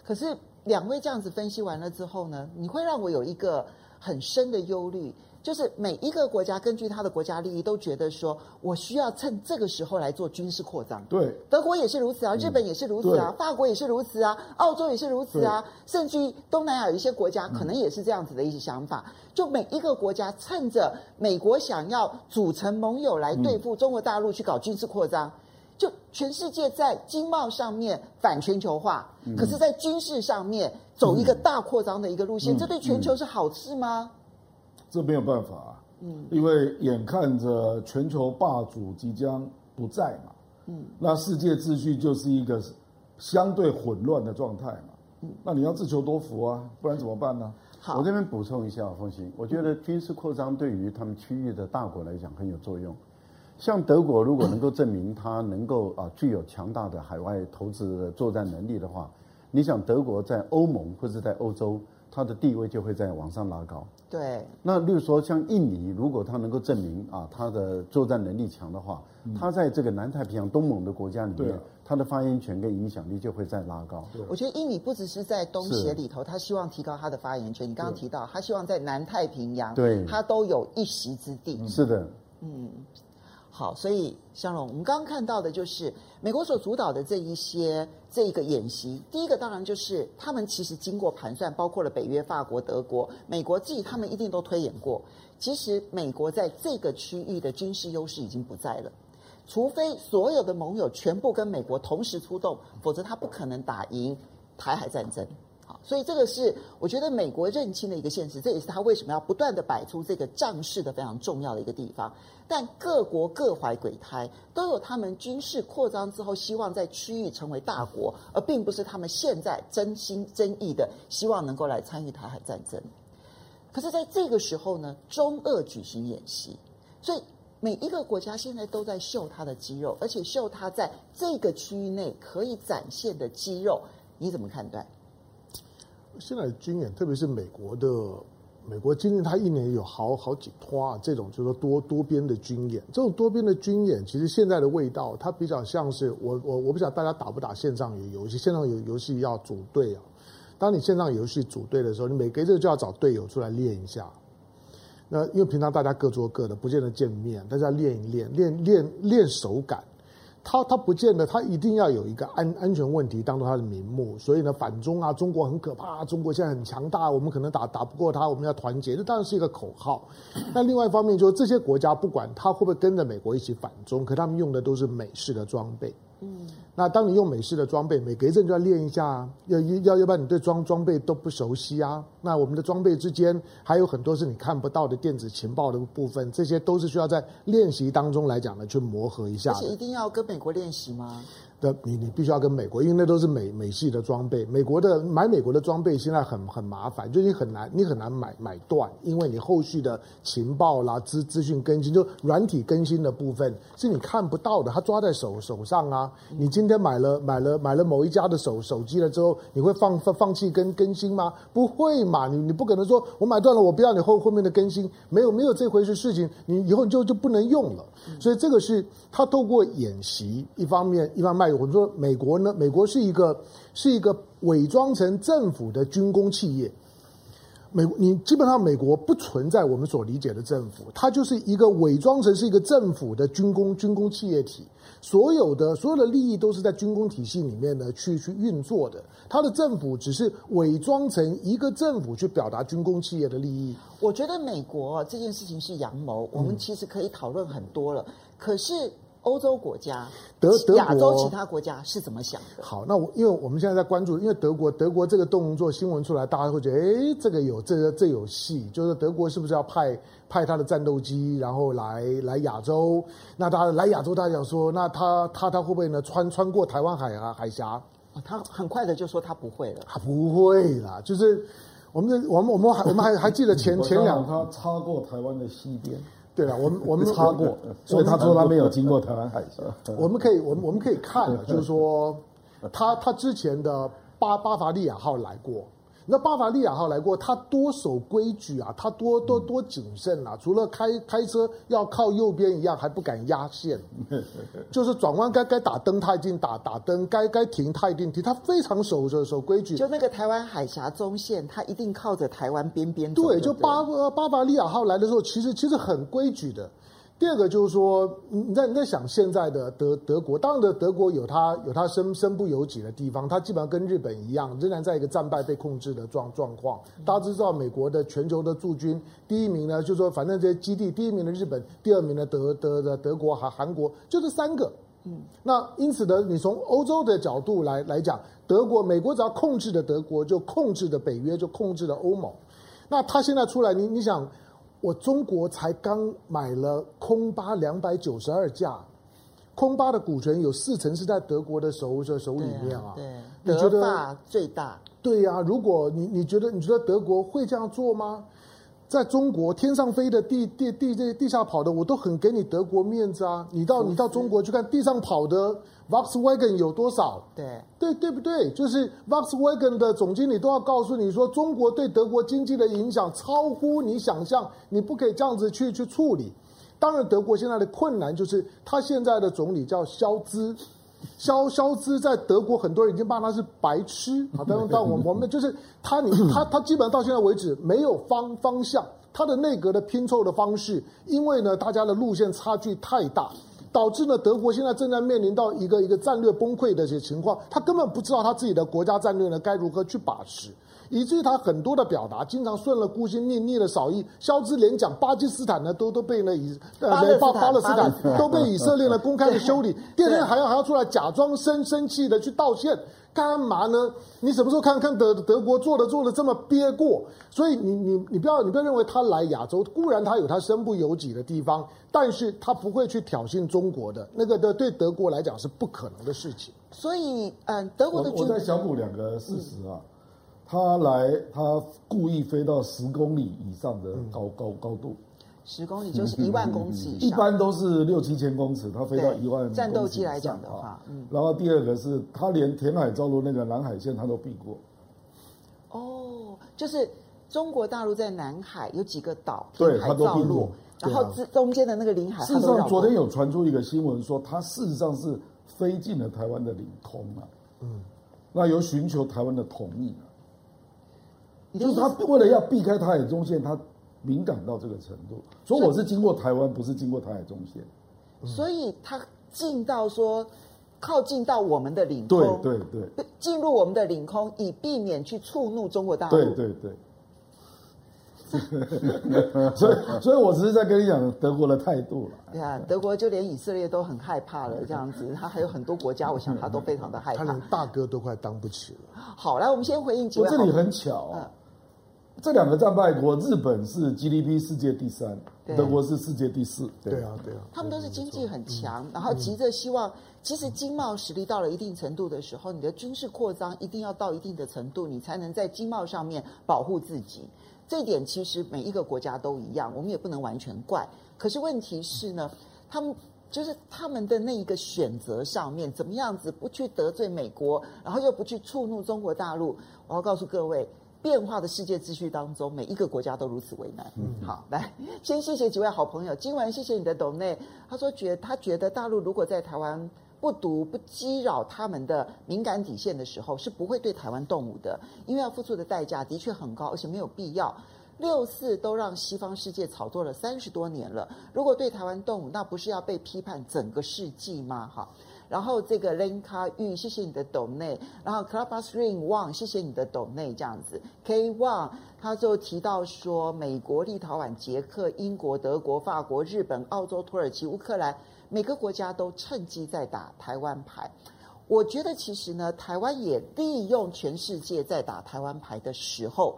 可是兩位這樣子分析完了之後呢，你會讓我有一個很深的憂慮。就是每一個國家根據他的國家利益都覺得說，我需要趁這個時候來做軍事擴張。對，德國也是如此啊，日本也是如此啊，法國也是如此啊，澳洲也是如此啊，甚至於東南亞有一些國家可能也是這樣子的一些想法。就每一個國家趁着美國想要組成盟友來對付中國大陸去搞軍事擴張，就全世界在經貿上面反全球化，可是，在軍事上面走一個大擴張的一個路線，這對全球是好事嗎？這沒有辦法啊，嗯，因為眼看着全球霸主即將不在嘛，嗯，那世界秩序就是一個相對混亂的狀態嘛，嗯，那你要自求多福啊，不然怎麼辦呢？好，嗯，我這邊補充一下，鳳馨，我覺得軍事擴張對於他們區域的大國來講很有作用，像德國如果能夠證明它能夠 啊具有強大的海外投資作戰能力的話，你想德國在歐盟或者在歐洲，它的地位就會再往上拉高。對。那例如說像印尼，如果它能夠證明啊，它的作戰能力強的話，它、嗯、在這個南太平洋東盟的國家裡面，它的發言權跟影響力就會再拉高對對。我覺得印尼不只是在東協裡頭，他希望提高他的發言權。你剛剛提到，他希望在南太平洋，對他都有一席之地、嗯。是的。嗯。好，所以香蓉，我們剛剛看到的就是美國所主導的這一些這一個演習。第一個當然就是，他們其實經過盤算，包括了北約、法國、德國、美國自己，他們一定都推演過。其實美國在這個區域的軍事優勢已經不在了，除非所有的盟友全部跟美國同時出動，否則他不可能打贏台海戰爭。所以這個是我覺得美國認清的一個現實，這也是他為什麼要不斷的擺出這個仗勢的非常重要的一個地方。但各國各懷鬼胎，都有他們軍事擴張之後希望在區域成為大國，而並不是他們現在真心真意的希望能夠來參與台海戰爭。可是，在這個時候呢，中俄舉行演習，所以每一個國家現在都在秀他的肌肉，而且秀他在這個區域內可以展現的肌肉，你怎麼看待？現在的軍演，特別是美國的美國，今年它一年有好好幾趟、啊、這種就是，就說多多邊的軍演。這種多邊的軍演，其實現在的味道，它比較像是我我我不曉得大家打不打線上遊遊戲，線上遊遊戲要組隊啊。當你線上遊戲組隊的時候，你每隔一陣，就要找隊友出來練一下。那因為平常大家各做各的，不見得見面，大家練一練，練練練，練手感。他他不見得，他一定要有一個安安全問題當做他的名目，所以呢，反中啊，中國很可怕，中國現在很強大，我們可能打打不過他，我們要團結，這當然是一個口號。那另外一方面就是，這些國家不管他會不會跟着美國一起反中，可他們用的都是美式的裝備。嗯，那當你用美式的裝備，每隔一陣就要練一下，要要要不然，你對裝裝備都不熟悉啊。那我們的裝備之間還有很多是你看不到的電子情報的部分，這些都是需要在練習當中來講的，去磨合一下。而且一定要跟美國練習嗎？你你必須要跟美國，因為那都是美美系的裝備，美國的買美國的裝備現在很很麻煩，就是你很難你很難買買斷，因為你後續的情報啦、資資訊更新，就軟體更新的部分是你看不到的，它抓在手手上啊。你今天買了買了買了某一家的手手機了之後，你會放放放棄更更新嗎？不會嘛，你你不可能說我買斷了，我不要你後後面的更新，沒有沒有這回事事情，你以後你就就不能用了。所以這個是他透過演習一方面一方面賣。我們說美國呢，美國是一個是一個偽裝成政府的軍工企業。美，你基本上美國不存在我們所理解的政府，它就是一個偽裝成是一個政府的軍工軍工企業體，所有的所有的利益都是在軍工體系裡面呢，去去運作的。它的政府只是偽裝成一個政府去表達軍工企業的利益。我覺得美國這件事情是陽謀，我們其實可以討論很多了，嗯、可是。歐洲國家、德、德國、亞洲其他國家是怎麼想的？好，那我因為我們現在在關注，因為德國德國這個動作新聞出來，大家會覺得，哎、欸，這個有這個、這個、有戲，就是德國是不是要派派他的戰鬥機，然後來來亞洲？嗯、那他來亞洲，他想說，那他他他會不會呢？穿穿過台灣海峽海峽、哦？他很快的就說他不會了，他、啊、不會啦。就是我們我們我們還、嗯、我們還還記得前、嗯、前兩他插過台灣的西邊。對了、啊，我們我們查過， 所以他說他沒有經過台灣海峽。 我們可以，我們我們可以看了， 就是說，他他之前的巴巴伐利亞號來過。那巴伐利亞號來過，他多守規矩啊，他多多多謹慎啊，除了開開車要靠右邊一樣，還不敢壓線，就是轉彎該該打燈他一定打打燈，該該停他一定停，他非常守着守規矩。就那個台灣海峽中線，他一定靠着台灣邊邊走。對，就巴呃巴伐利亞號來的時候，其實其實很規矩的。第二個就是說，你在你在想現在的德德國，當然的德國有它有它身身不由己的地方，它基本上跟日本一樣，仍然在一個戰敗被控制的狀狀況。大家都知道，美國的全球的駐軍第一名呢，就是說反正這些基地第一名的日本，第二名的德德的德國和韓,韓國，就這三個。嗯，那因此呢，你從歐洲的角度來來講，德國，美國只要控制了德國，就控制了北約，就控制了歐盟。那他現在出來，你你想？我中國才剛買了空巴兩百九十二架，空巴的股權有四成是在德國的手手裡面啊。對，你覺得最大？對呀，啊，如果你你覺得你覺得德國會這樣做嗎？在中國，天上飛的地，地地地，這地下跑的，我都很給你德國面子啊！你到你到中國去看地上跑的 Volkswagen 有多少？對對對，對不對？就是 Volkswagen 的總經理都要告訴你說，中國對德國經濟的影響超乎你想象，你不可以這樣子去去處理。當然，德國現在的困難就是他現在的總理叫肖茲。蕭蕭茲在德國，很多人已經罵他是白痴。好，但但我我們的就是他你，他他基本上到現在為止沒有方方向，他的內閣的拼湊的方式，因為呢，大家的路線差距太大，導致呢，德國現在正在面臨到一個一個戰略崩潰的一些情況，他根本不知道他自己的國家戰略呢該如何去把持。以至於他很多的表達，經常順了孤心逆逆了嫂意。蕭茲連講巴基斯坦呢，都都被那以巴、呃、巴勒斯坦，巴勒斯坦，巴勒斯坦都被以色列呢公開的修理，第二天還要還要出來假裝生生氣的去道歉，幹嘛呢？你什麼時候看看德德國做的做的這麼憋過？所以你你你不要你不要認為他來亞洲固然他有他身不由己的地方，但是他不會去挑釁中國的那個的對德國來講是不可能的事情。所以嗯、呃，德國的、就是、我，我在小補兩個事實啊。他來，他故意飛到十公里以上的高、嗯、高高度，十公里就是一萬公尺，一般都是六七千公尺，他飛到一萬公尺。戰鬥機來講的話、嗯，然後第二個是他連填海造陸那個南海線他都避過。哦，就是中國大陸在南海有幾個島對，他都避過。然後、啊、中間的那個領海。事實上，昨天有傳出一個新聞說，他事實上是飛進了台灣的領空啊。嗯，那有尋求台灣的同意啊。是就是他為了要避開台海中線，他敏感到這個程度，所以我是經過台灣，不是經過台海中線。所以、嗯、所以他進到說靠近到我們的領空，對對對，進入我們的領空，以避免去觸怒中國大陸。對對對。對 所以，所以我只是在跟你講德國的態度了。對啊對，德國就連以色列都很害怕了，這樣子，他還有很多國家， 我想他都非常的害怕。嗯嗯嗯嗯、他連大哥都快當不起了。好，來，我們先回應。我這裡很巧。嗯這兩個戰敗國，日本是 GDP 世界第三，啊、德國是世界第四。對，對啊，對啊對，他們都是經濟很強，然後急着希望、嗯，其實經貿實力到了一定程度的時候、嗯，你的軍事擴張一定要到一定的程度，你才能在經貿上面保護自己。這一點其實每一個國家都一樣，我們也不能完全怪。可是問題是呢，他們就是他們的那一個選擇上面，怎麼樣子不去得罪美國，然後又不去觸怒中國大陸？我要告訴各位。變化的世界秩序當中，每一個國家都如此為難。嗯，好，來先謝謝幾位好朋友。今晚謝謝你的斗內，他說覺他覺得大陸如果在台灣不獨不激擾他們的敏感底線的時候，是不會對台灣動武的，因為要付出的代價的確很高，而且沒有必要。六四都讓西方世界炒作了三十多年了，如果對台灣動武，那不是要被批判整個世紀嗎？哈。然後這個林卡玉，謝謝你的斗內。然後克拉巴斯林旺，謝謝你的斗內。這樣子，K 旺，他就提到說，美國、立陶宛、捷克、英國、德國、法國、日本、澳洲、土耳其、烏克蘭，每個國家都趁機在打台灣牌。我覺得其實呢，台灣也利用全世界在打台灣牌的時候，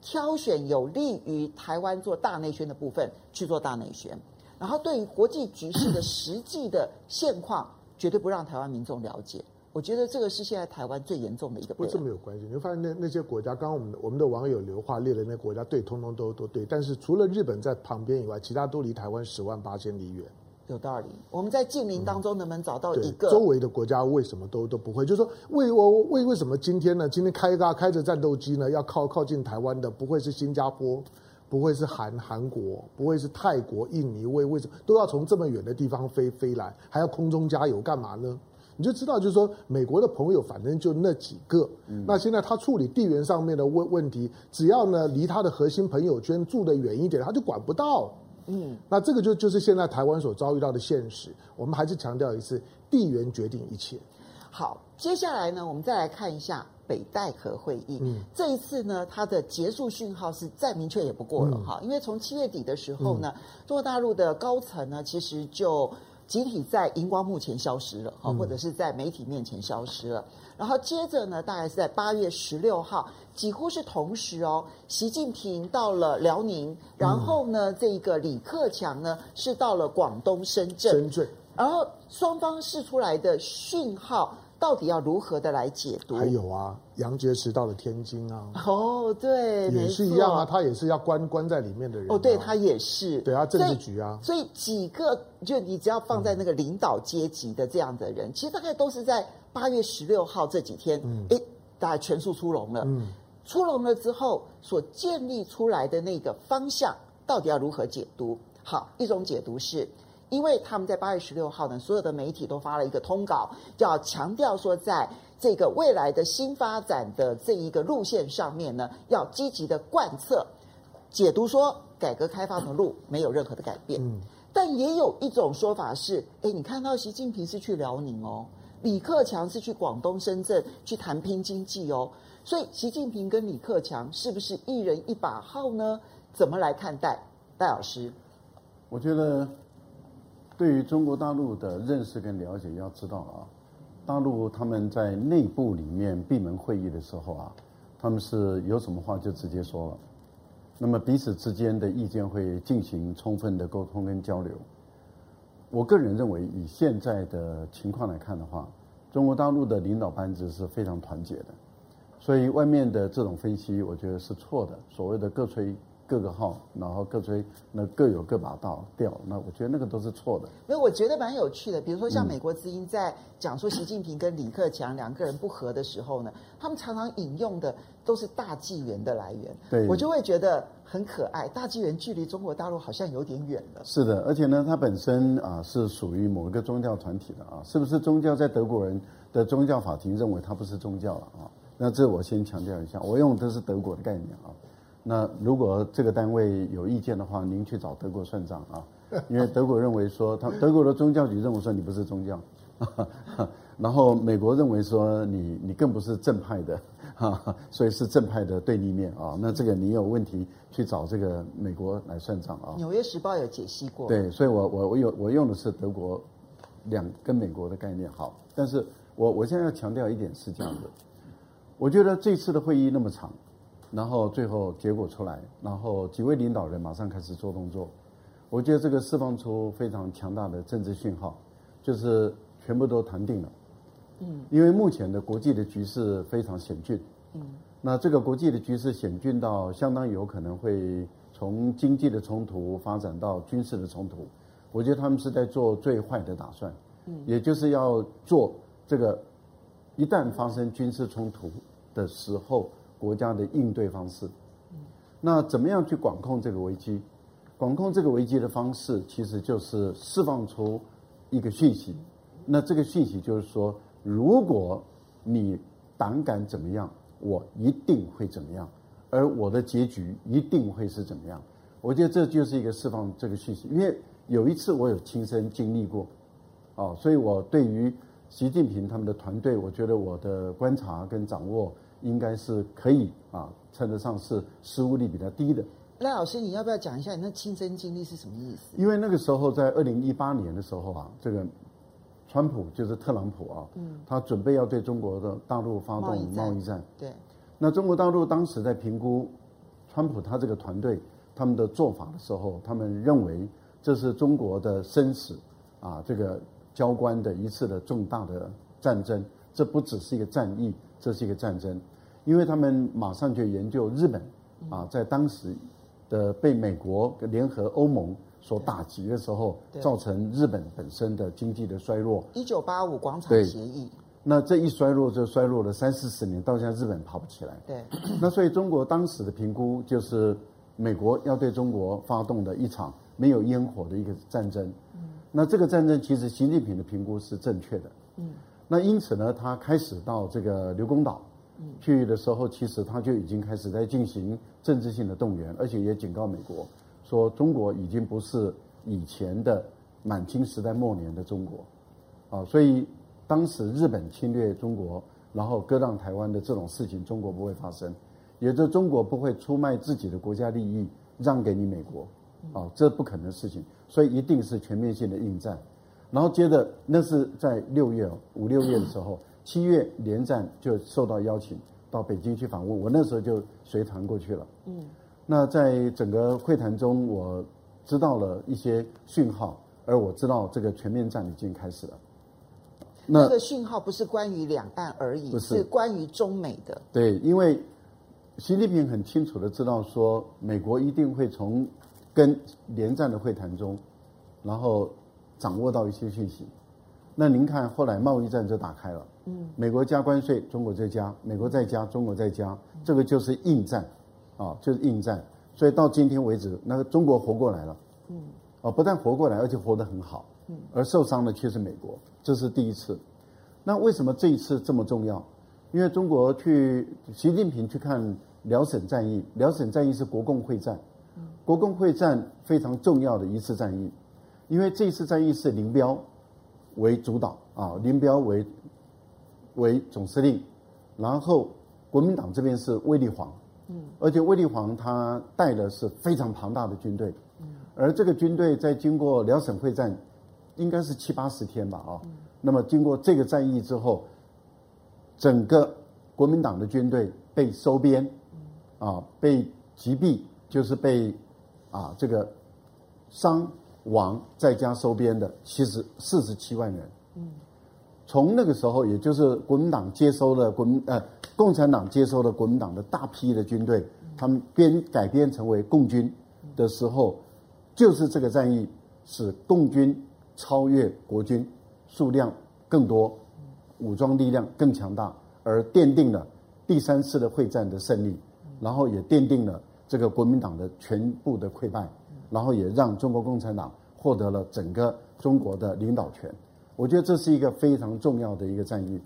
挑選有利於台灣做大內宣的部分去做大內宣。然後對於國際局勢的實際的現況。 絕對不讓台灣民眾了解。我覺得這個是現在台灣最嚴重的一個問題。不是沒有關係，你會發現那那些國家，剛剛我們的我們的網友留話列的那個國家，對，通通都都對。但是除了日本在旁邊以外，其他都離台灣十萬八千里遠。有道理，我們在近鄰當中能不能找到一個、嗯、周圍的國家？為什麼都都不會？就是說為我為為什麼今天呢？今天開一個開着戰鬥機呢，要靠靠近台灣的，不會是新加坡？不會是韓韓國，不會是泰國、印尼，為為什麼都要從這麼遠的地方飛飛來，還要空中加油幹嘛呢？你就知道，就是說美國的朋友反正就那幾個。嗯，那現在他處理地緣上面的問問題，只要呢離他的核心朋友圈住得遠一點，他就管不到。嗯，那這個就就是現在台灣所遭遇到的現實。我們還是強調一次，地緣決定一切。好，接下來呢，我們再來看一下。北戴河會議這一次呢，它的結束訊號是再明確也不過了哈、嗯，因為從七月底的時候呢，中國大陸的高層呢其實就集體在熒光幕前消失了、嗯，或者是在媒體面前消失了。然後接着呢，大概是在八月十六號，幾乎是同時哦，習近平到了遼寧，然後呢，這個李克強呢是到了廣東深圳，深圳，然後雙方釋出來的訊號。到底要如何的來解讀？還有啊，楊潔篪到了天津啊。哦，對，也是一樣啊，他也是要關關在裡面的人、啊。哦，對，他也是。對啊，政治局啊。所以，所以幾個就你只要放在那個領導階級的這樣的人，嗯、其實大概都是在八月十六號這幾天，哎、嗯，大概全數出籠了。嗯，出籠了之後所建立出來的那個方向，到底要如何解讀？好，一種解讀是。因為他們在八月十六號呢，所有的媒體都發了一個通稿，要強調說，在這個未來的新發展的這一個路線上面呢，要積極的貫徹。解讀說，改革開放的路沒有任何的改變。但也有一種說法是，哎，你看到習近平是去遼寧哦，李克強是去廣東深圳去談拼經濟哦，所以習近平跟李克強是不是一人一把號呢？怎麼來看待？賴老師，我覺得。對於中國大陸的認識跟了解，要知道啊，大陸他們在內部裡面閉門會議的時候啊，他們是有什麼話就直接說了，那麼彼此之間的意見會進行充分的溝通跟交流。我個人認為，以現在的情況來看的話，中國大陸的領導班子是非常團結的，所以外面的這種分析，我覺得是錯的。所謂的各吹。各個號，然後各吹，那各有各把刀掉。那我覺得那個都是錯的。因為我覺得蠻有趣的。比如說，像美國之音在講述習近平跟李克強兩個人不和的時候呢，他們常常引用的都是大紀元的來源。對，我就會覺得很可愛。大紀元距離中國大陸好像有點遠了。是的，而且呢，它本身啊是屬於某一個宗教團體的啊，是不是宗教在德國人的宗教法庭認為它不是宗教了啊？那這我先強調一下，我用的是德國的概念啊。那如果這個單位有意見的話，您去找德國算賬啊，因為德國認為說他德國的宗教局認為說你不是宗教，然後美國認為說你你更不是正派的，哈，所以是正派的對立面啊。那這個你有問題去找這個美國來算賬啊。紐約時報有解析過。對，所以我我我有我用的是德國兩跟美國的概念好，但是我我現在要強調一點是這樣的，我覺得這次的會議那麼長。然後最後結果出來，然後幾位領導人馬上開始做動作。我覺得這個釋放出非常強大的政治訊號，就是全部都談定了。嗯。因為目前的國際的局勢非常險峻。嗯。那這個國際的局勢險峻到相當有可能會從經濟的衝突發展到軍事的衝突。我覺得他們是在做最壞的打算。嗯。也就是要做這個，一旦發生軍事衝突的時候。國家的應對方式，那怎麼樣去管控這個危機？管控這個危機的方式，其實就是釋放出一個訊息。那這個訊息就是說，如果你膽敢怎麼樣，我一定會怎麼樣，而我的結局一定會是怎麼樣。我覺得這就是一個釋放這個訊息，因為有一次我有親身經歷過，啊、哦，所以我對於習近平他們的團隊，我覺得我的觀察跟掌握。應該是可以啊，稱得上是失誤率比較低的。賴老師，你要不要講一下你那親身經歷是什麼意思？因為那個時候在二零一八年的時候啊，這個川普就是特朗普啊，嗯，他準備要對中國的大陸發動貿易戰。對。那中國大陸當時在評估川普他這個團隊他們的做法的時候，他們認為這是中國的生死啊，這個交關的一次的重大的戰爭，這不只是一個戰役。這是一個戰爭，因為他們馬上就研究日本、嗯，啊，在當時的被美國聯合歐盟所打擊的時候，對對，造成日本本身的經濟的衰落。一九八五廣場協議。那這一衰落就衰落了三四十年，到現在日本爬不起來。對。那所以中國當時的評估就是美國要對中國發動的一場沒有煙火的一個戰爭。嗯。那這個戰爭其實習近平的評估是正確的。嗯。那因此呢，他開始到這個劉公島去的時候、嗯，其實他就已經開始在進行政治性的動員，而且也警告美國說，中國已經不是以前的滿清時代末年的中國啊、哦，所以當時日本侵略中國，然後割讓台灣的這種事情，中國不會發生，也就是中國不會出賣自己的國家利益讓給你美國啊、哦，這不可能的事情，所以一定是全面性的應戰。然後接着，那是在六月五六月的時候，七月連戰就受到邀請到北京去訪問，我那時候就隨團過去了。嗯，那在整個會談中，我知道了一些訊號，而我知道這個全面戰已經開始了。那這、那個訊號不是關於兩岸而已是，是關於中美的。對，因為習近平很清楚的知道說，美國一定會從跟連戰的會談中，然後。掌握到一些訊息，那您看後來貿易戰就打開了，嗯，美國加關稅，中國再加，美國再加，中國再加，這個就是應戰，啊，就是應戰。所以到今天為止，那個中國活過來了，嗯，啊，不但活過來，而且活得很好，嗯，而受傷的卻是美國，這是第一次。那為什麼這一次這麼重要？因為中國去習近平去看遼沈戰役，遼沈戰役是國共會戰，國共會戰非常重要的一次戰役。因為這次戰役是林彪為主導啊，林彪為為總司令，然後國民黨這邊是衛立煌，嗯，而且衛立煌他帶的是非常龐大的軍隊，嗯，而這個軍隊在經過遼瀋會戰，應該是七八十天吧，啊、嗯，那麼經過這個戰役之後，整個國民黨的軍隊被收編，啊，被擊斃就是被啊這個傷。王在家收編的七十四十七萬人。從那個時候，也就是國民黨接收了國民，呃，共產黨接收了國民黨的大批的軍隊，他們編改編成為共軍的時候，就是這個戰役使共軍超越國軍數量更多，武裝力量更強大，而奠定了第三次的會戰的勝利，然後也奠定了這個國民黨的全部的潰敗。然後也讓中國共產黨獲得了整個中國的領導權，我覺得這是一個非常重要的一個戰役。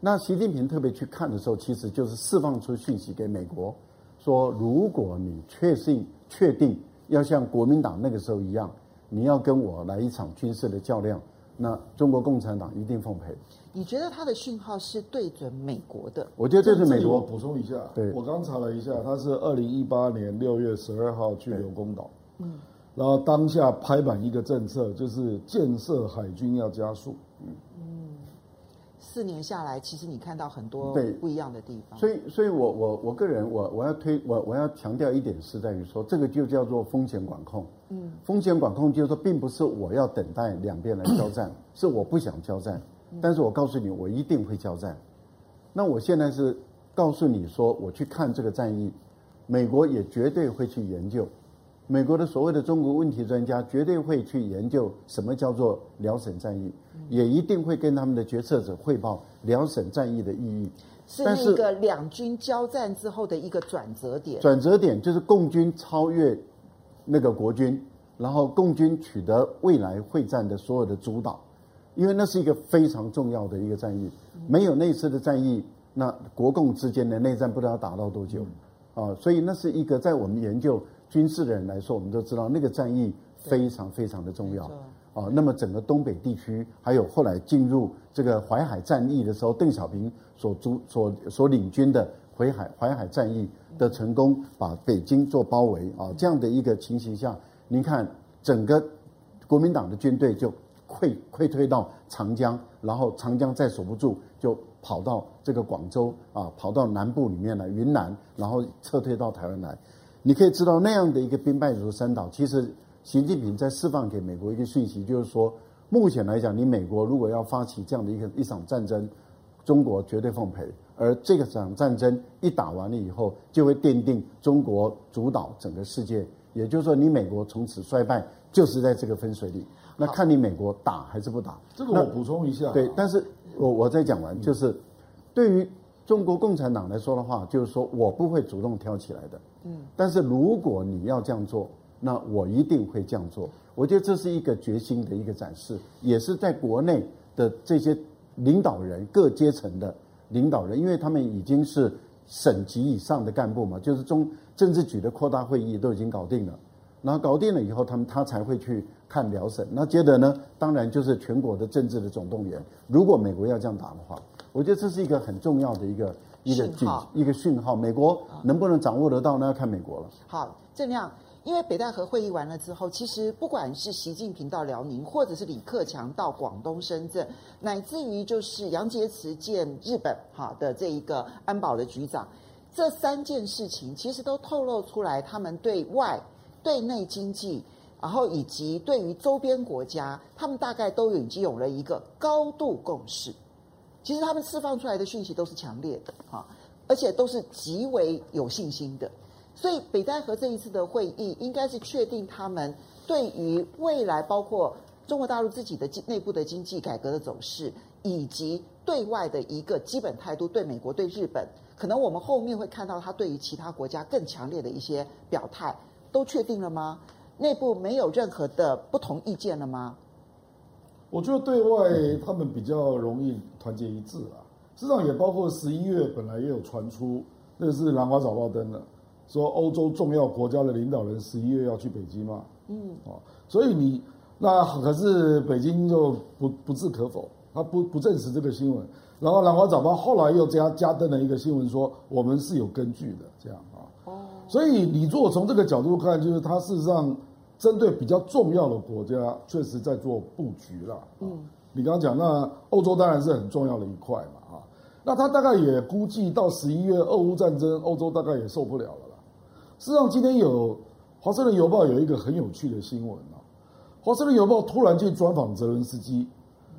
那習近平特別去看的時候，其實就是釋放出訊息給美國，說如果你確信、確定要像國民黨那個時候一樣，你要跟我來一場軍事的較量，那中國共產黨一定奉陪。你覺得他的訊號是對準美國的？我覺得這是美國。我補充一下對，我剛查了一下，他是二零一八年六月十二號去劉公島。嗯，然後當下拍板一個政策，就是建設海軍要加速。嗯嗯，四年下來，其實你看到很多對不一樣的地方。所以，所以我我我個人我我要推我我要強調一點，是在於說這個就叫做風險管控。嗯，風險管控就是說，並不是我要等待兩邊來交戰，嗯，是我不想交戰，嗯，但是我告訴你，我一定會交戰。那我現在是告訴你說，我去看這個戰役，美國也絕對會去研究。美國的所謂的中國問題專家絕對會去研究什麼叫做遼瀋戰役，也一定會跟他們的決策者匯報遼瀋戰役的意義。是那一個是兩軍交戰之後的一個轉折點。轉折點就是共軍超越那個國軍，然後共軍取得未來會戰的所有的主導，因為那是一個非常重要的一個戰役。沒有那次的戰役，那國共之間的內戰不知道要打到多久、嗯、啊！所以那是一個在我們研究軍事的人來說，我們都知道那個戰役非常非常的重要啊。那麼整個東北地區，還有後來進入這個淮海戰役的時候，鄧小平所主所所領軍的淮海淮海戰役的成功，把北京做包圍啊。這樣的一個情形下，您看整個國民黨的軍隊就潰潰退到長江，然後長江再守不住，就跑到這個廣州啊，跑到南部裡面來，雲南，然後撤退到台灣來。你可以知道那樣的一個兵敗如山倒，其實習近平在釋放給美國一個訊息，就是說，目前來講，你美國如果要發起這樣的一個一場戰爭，中國絕對奉陪。而這個場戰爭一打完了以後，就會奠定中國主導整個世界。也就是說，你美國從此衰敗，就是在這個分水嶺。那看你美國打還是不打。這個我補充一下。對、啊，但是我我再講完，嗯、就是對於。中國共產黨來說的話，就是說我不會主動挑起來的。嗯，但是如果你要這樣做，那我一定會這樣做。我覺得這是一個決心的一個展示，也是在國內的這些領導人、各階層的領導人，因為他們已經是省級以上的幹部嘛，就是中政治局的擴大會議都已經搞定了，然後搞定了以後，他們他才會去看遼瀋。那接着呢，當然就是全國的政治的總動員。如果美國要這樣打的話。我覺得這是一個很重要的一個一個訊號，一個訊號。美國能不能掌握得到，那要看美國了。好，正亮，因為北戴河會議完了之後，其實不管是習近平到遼寧，或者是李克強到廣東深圳，乃至於就是楊潔篪見日本哈的這一個安保的局長，這三件事情其實都透露出來，他們對外、對內經濟，然後以及對於周邊國家，他們大概都有已經有了一個高度共識。其實他們釋放出來的訊息都是強烈的，哈，而且都是極為有信心的。所以北戴河這一次的會議，應該是確定他們對於未來包括中國大陸自己的內部的經濟改革的走勢，以及對外的一個基本態度，對美國、對日本，可能我們後面會看到他對於其他國家更強烈的一些表態，都確定了嗎？內部沒有任何的不同意見了嗎？我覺得對外他們比較容易團結一致啊，實際上也包括十一月本來也有傳出，那是《南華早報》登的，說歐洲重要國家的領導人十一月要去北京嘛，嗯，啊、哦，所以你那可是北京就不不置可否，他不不證實這個新聞，然後《南華早報》後來又加加登了一個新聞說我們是有根據的這樣啊、哦，哦，所以你如果從這個角度看，就是他事實上。針對比較重要的國家，確實在做佈局了。嗯，你剛剛講那歐洲當然是很重要的一塊嘛、啊、那他大概也估計到十一月俄烏戰爭，歐洲大概也受不了了。實際上今天有《華盛頓郵報》有一個很有趣的新聞哦，《華盛頓郵報》突然去專訪澤連斯基，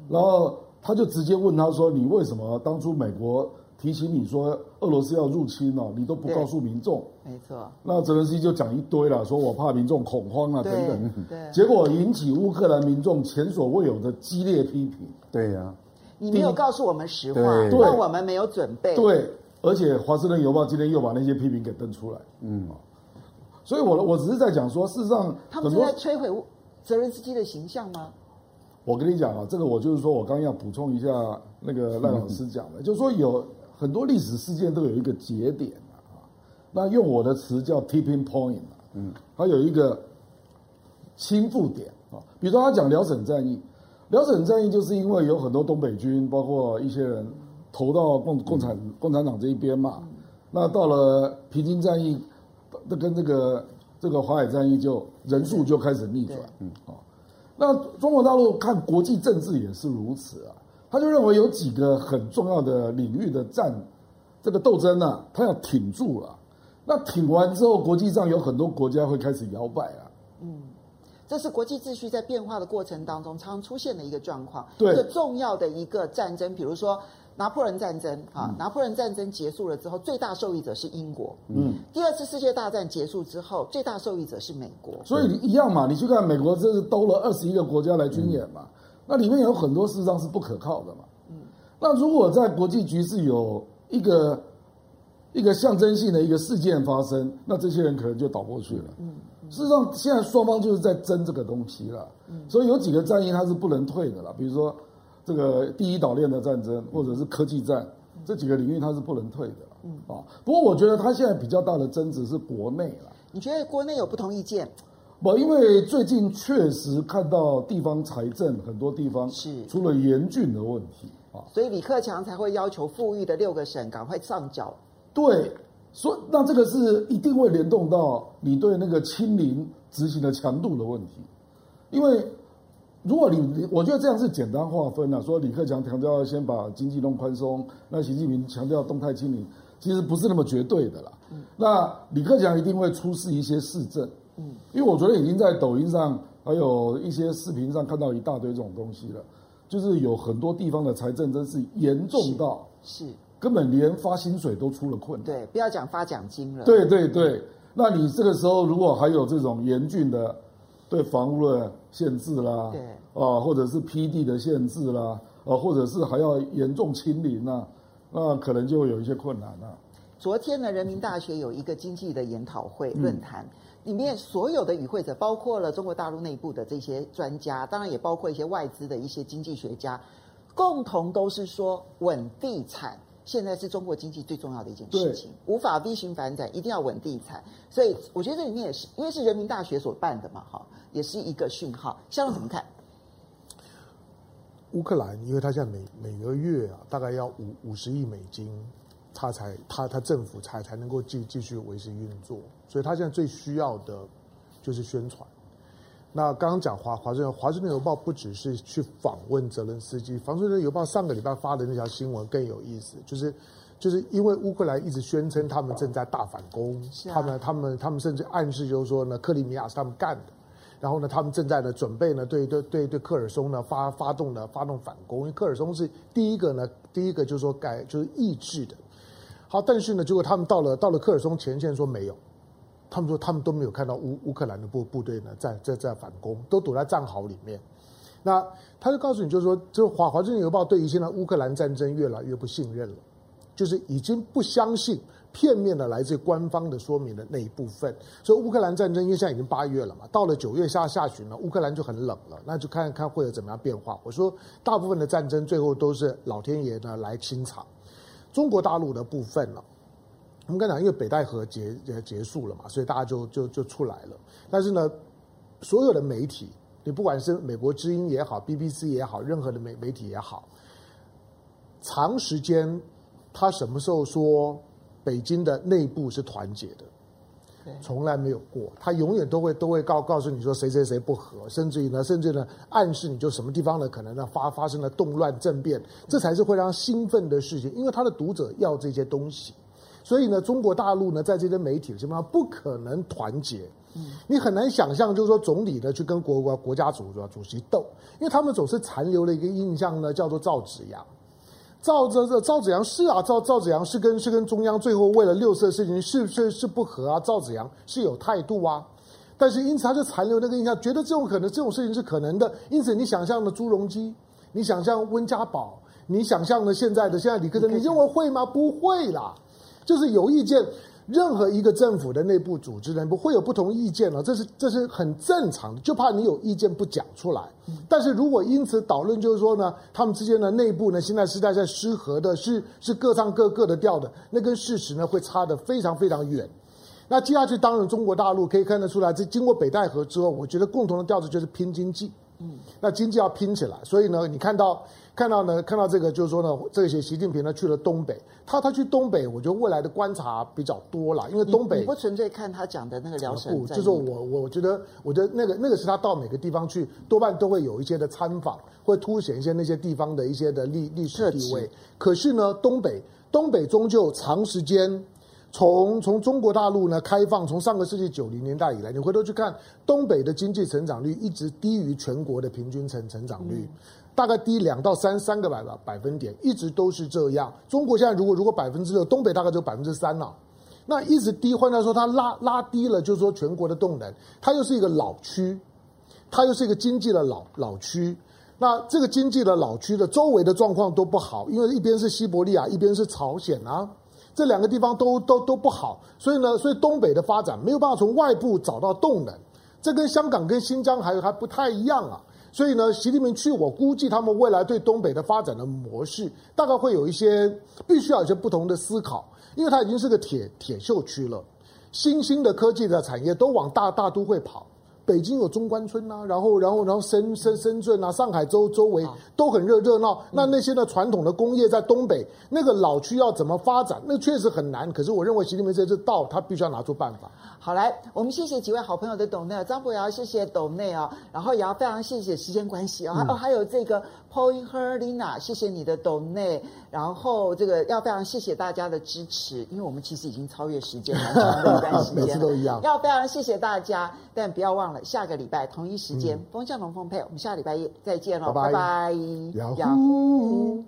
然後他就直接問他說：“你為什麼當初美國？”提醒你說俄羅斯要入侵了、哦，你都不告訴民眾，沒錯。那澤連斯基就講一堆了，說我怕民眾恐慌啊等等，對，對，結果引起烏克蘭民眾前所未有的激烈批評。對呀、啊，你沒有告訴我們實話，讓我們沒有準備。對，對，而且《華盛頓郵報》今天又把那些批評給登出來。嗯，所以我，我我只是在講說，事實上，他們是在摧毀澤連斯基的形象嗎？我跟你講啊，這個我就是說我剛要補充一下那個賴老師講的，嗯、就是說有。很多歷史事件都有一個節點啊，那用我的詞叫 tipping point 嗯、啊，它有一個傾覆點啊。比如說他講遼瀋戰役，遼瀋戰役就是因為有很多東北軍包括一些人投到共共產、嗯、共產黨這一邊嘛、嗯，那到了平津戰役，這跟這個這個淮海戰役就人數就開始逆轉，嗯，啊、哦，那中國大陸看國際政治也是如此啊。他就認為有幾個很重要的領域的戰，這個鬥爭呢、啊，他要挺住了。那挺完之後，國際上有很多國家會開始搖擺了。嗯，這是國際秩序在變化的過程當中常常出現的一個狀況。對，就是、重要的一個戰爭，比如說拿破崙戰爭、嗯、啊，拿破崙戰爭結束了之後，最大受益者是英國。嗯，第二次世界大戰結束之後，最大受益者是美國。所以一樣嘛，你去看美國，這是兜了二十一個國家來軍演嘛。嗯那裡面有很多事實上是不可靠的嘛。嗯，那如果在國際局勢有一個一個象徵性的一個事件發生，那這些人可能就倒過去了。嗯，事實上現在雙方就是在爭這個東西了。嗯，所以有幾個戰役它是不能退的了，比如說這個第一島鏈的戰爭，或者是科技戰這幾個領域它是不能退的了。嗯，啊，不過我覺得它現在比較大的爭執是國內了。你覺得國內有不同意見？不，因為最近確實看到地方財政很多地方是出了嚴峻的問題啊，所以李克強才會要求富裕的六個省趕快上繳。對，所以那這個是一定會聯動到你對那個清零執行的強度的問題，因為如果你、嗯、我覺得這樣是簡單劃分了、啊，說李克強強調要先把經濟弄寬鬆，那習近平強調動態清零，其實不是那麼絕對的啦。嗯、那李克強一定會出示一些市政。嗯、因為我覺得已經在抖音上還有一些視頻上看到一大堆這種東西了，就是有很多地方的財政真是嚴重到是根本連發薪水都出了困難，困，對，不要講發獎金了。對對對、嗯，那你這個時候如果還有這種嚴峻的對房屋的限制啦，對啊，或者是批地的限制啦，啊，或者是還要嚴重清零啦、啊，那可能就會有一些困難啊。昨天呢，人民大學有一個經濟的研討會論壇。嗯裡面所有的與會者，包括了中國大陸內部的這些專家，當然也包括一些外資的一些經濟學家，共同都是說穩地產現在是中國經濟最重要的一件事情，無法 V 型反轉，一定要穩地產。所以我覺得這裡面也是，因為是人民大學所辦的嘛，哈，也是一個訊號。香港怎麼看？烏克蘭，因為它現在每每個月啊，大概要五五十億美金。他才他他政府才才能夠繼繼續維持運作，所以他現在最需要的，就是宣傳。那剛剛講華華盛頓華盛頓郵報不只是去訪問澤倫斯基，華盛頓郵報上個禮拜發的那條新聞更有意思，就是就是因為烏克蘭一直宣稱他們正在大反攻他，他們他們他們甚至暗示就是說呢，克里米亞是他們幹的，然後呢，他們正在呢準備呢對對對對克爾松呢發發動呢發動反攻，因為克爾松是第一個呢第一個就是說改就是抑制的。好，但是呢，結果他們到了到了科爾松前線，說沒有，他們說他們都沒有看到烏烏克蘭的部部隊呢在在在反攻，都躲在戰壕裡面。那他就告訴你就，就是說，這《華華盛頓郵報》對於現在烏克蘭戰爭越來越不信任了，就是已經不相信片面的來自官方的說明的那一部分。所以烏克蘭戰爭因為現在已經八月了嘛，到了九月下下旬了，烏克蘭就很冷了，那就看看會有怎麼樣變化。我說，大部分的戰爭最後都是老天爺呢來清場。中國大陸的部分呢、啊，我們剛才講，因為北戴河結結，結束了嘛，所以大家就就就出來了。但是呢，所有的媒體，你不管是美國之音也好，BBC 也好，任何的媒媒體也好，長時間他什麼時候說北京的內部是團結的？從來沒有過，他永遠都會都會告告訴你說誰誰誰不合，甚至於呢，甚至呢暗示你就什麼地方呢可能呢發發生了動亂政變，這才是會讓興奮的事情，因為他的讀者要這些東西，所以呢中國大陸呢在這些媒體基本上不可能團結，嗯，你很難想象就是說總理呢去跟國國國家主主席鬥，因為他們總是殘留了一個印象呢叫做趙紫陽。趙這這趙紫陽是啊，趙趙紫陽是跟是跟中央最後為了六四的事情是是是不合啊，趙紫陽是有態度啊，但是因此他就殘留那個印象，覺得這種可能這種事情是可能的，因此你想象的朱鎔基，你想象溫家寶，你想象的現在的現在李克強，你認為會嗎？不會啦，就是有意見。任何一個政府的內部組織人不會有不同意見了、哦，這是這是很正常的，就怕你有意見不講出來。但是如果因此導論就是說呢，他們之間的內部呢，現在是現在在失和的，是是各唱各各的調的，那跟事實呢會差得非常非常遠。那接下去當然中國大陸可以看得出來，這經過北戴河之後，我覺得共同的調子就是拼經濟。嗯，那經濟要拼起來，所以呢，你看到、嗯、看到呢，看到這個，就是說呢，這些習近平呢去了東北，他他去東北，我覺得未來的觀察比較多啦，因為東北你你不純粹看他講的那個遼瀋，就是我我覺得，我覺得那個那個是他到每個地方去，多半都會有一些的參訪，會凸顯一些那些地方的一些的歷歷史地位。可是呢，東北東北終究長時間。從從中國大陸呢開放，從上個世紀九零年代以來，你回頭去看東北的經濟成長率一直低於全國的平均成成長率，嗯，大概低兩到三三個百百分點，一直都是這樣。中國現在如果如果百分之六，東北大概只有百分之三，那一直低，換來說，它拉拉低了，就是說全國的動能。它又是一個老區，它又是一個經濟的老老區，那這個經濟的老區的周圍的狀況都不好，因為一邊是西伯利亞，一邊是朝鮮啊。這兩個地方都都都不好，所以呢，所以東北的發展沒有辦法從外部找到動能，這跟香港跟新疆還還不太一樣啊。所以呢，習近平去，我估計他們未來對東北的發展的模式，大概會有一些必須要有一些不同的思考，因為它已經是個鐵鐵鏽區了，新興的科技的產業都往大大都會跑。北京有中關村吶、啊，然後然後然後深深深圳吶、啊，上海周周圍都很熱熱鬧。嗯、那那些呢傳統的工業在東北、嗯，那個老區要怎麼發展？那確實很難。可是我認為習近平這次到，他必須要拿出辦法。好，來，我們謝謝幾位好朋友的懂內，張博堯，謝謝懂內哦，然後也要非常謝謝時間關係哦，嗯、哦還有這個 Pauline Herlina，謝謝你的懂內，然後這個要非常謝謝大家的支持，因為我們其實已經超越時間了，很 長的一段時間了，每次都一樣，要非常謝謝大家，但不要忘了下個禮拜同一時間、嗯、風向龍鳳配，我們下個禮拜一再見嘍，拜拜，呀呼。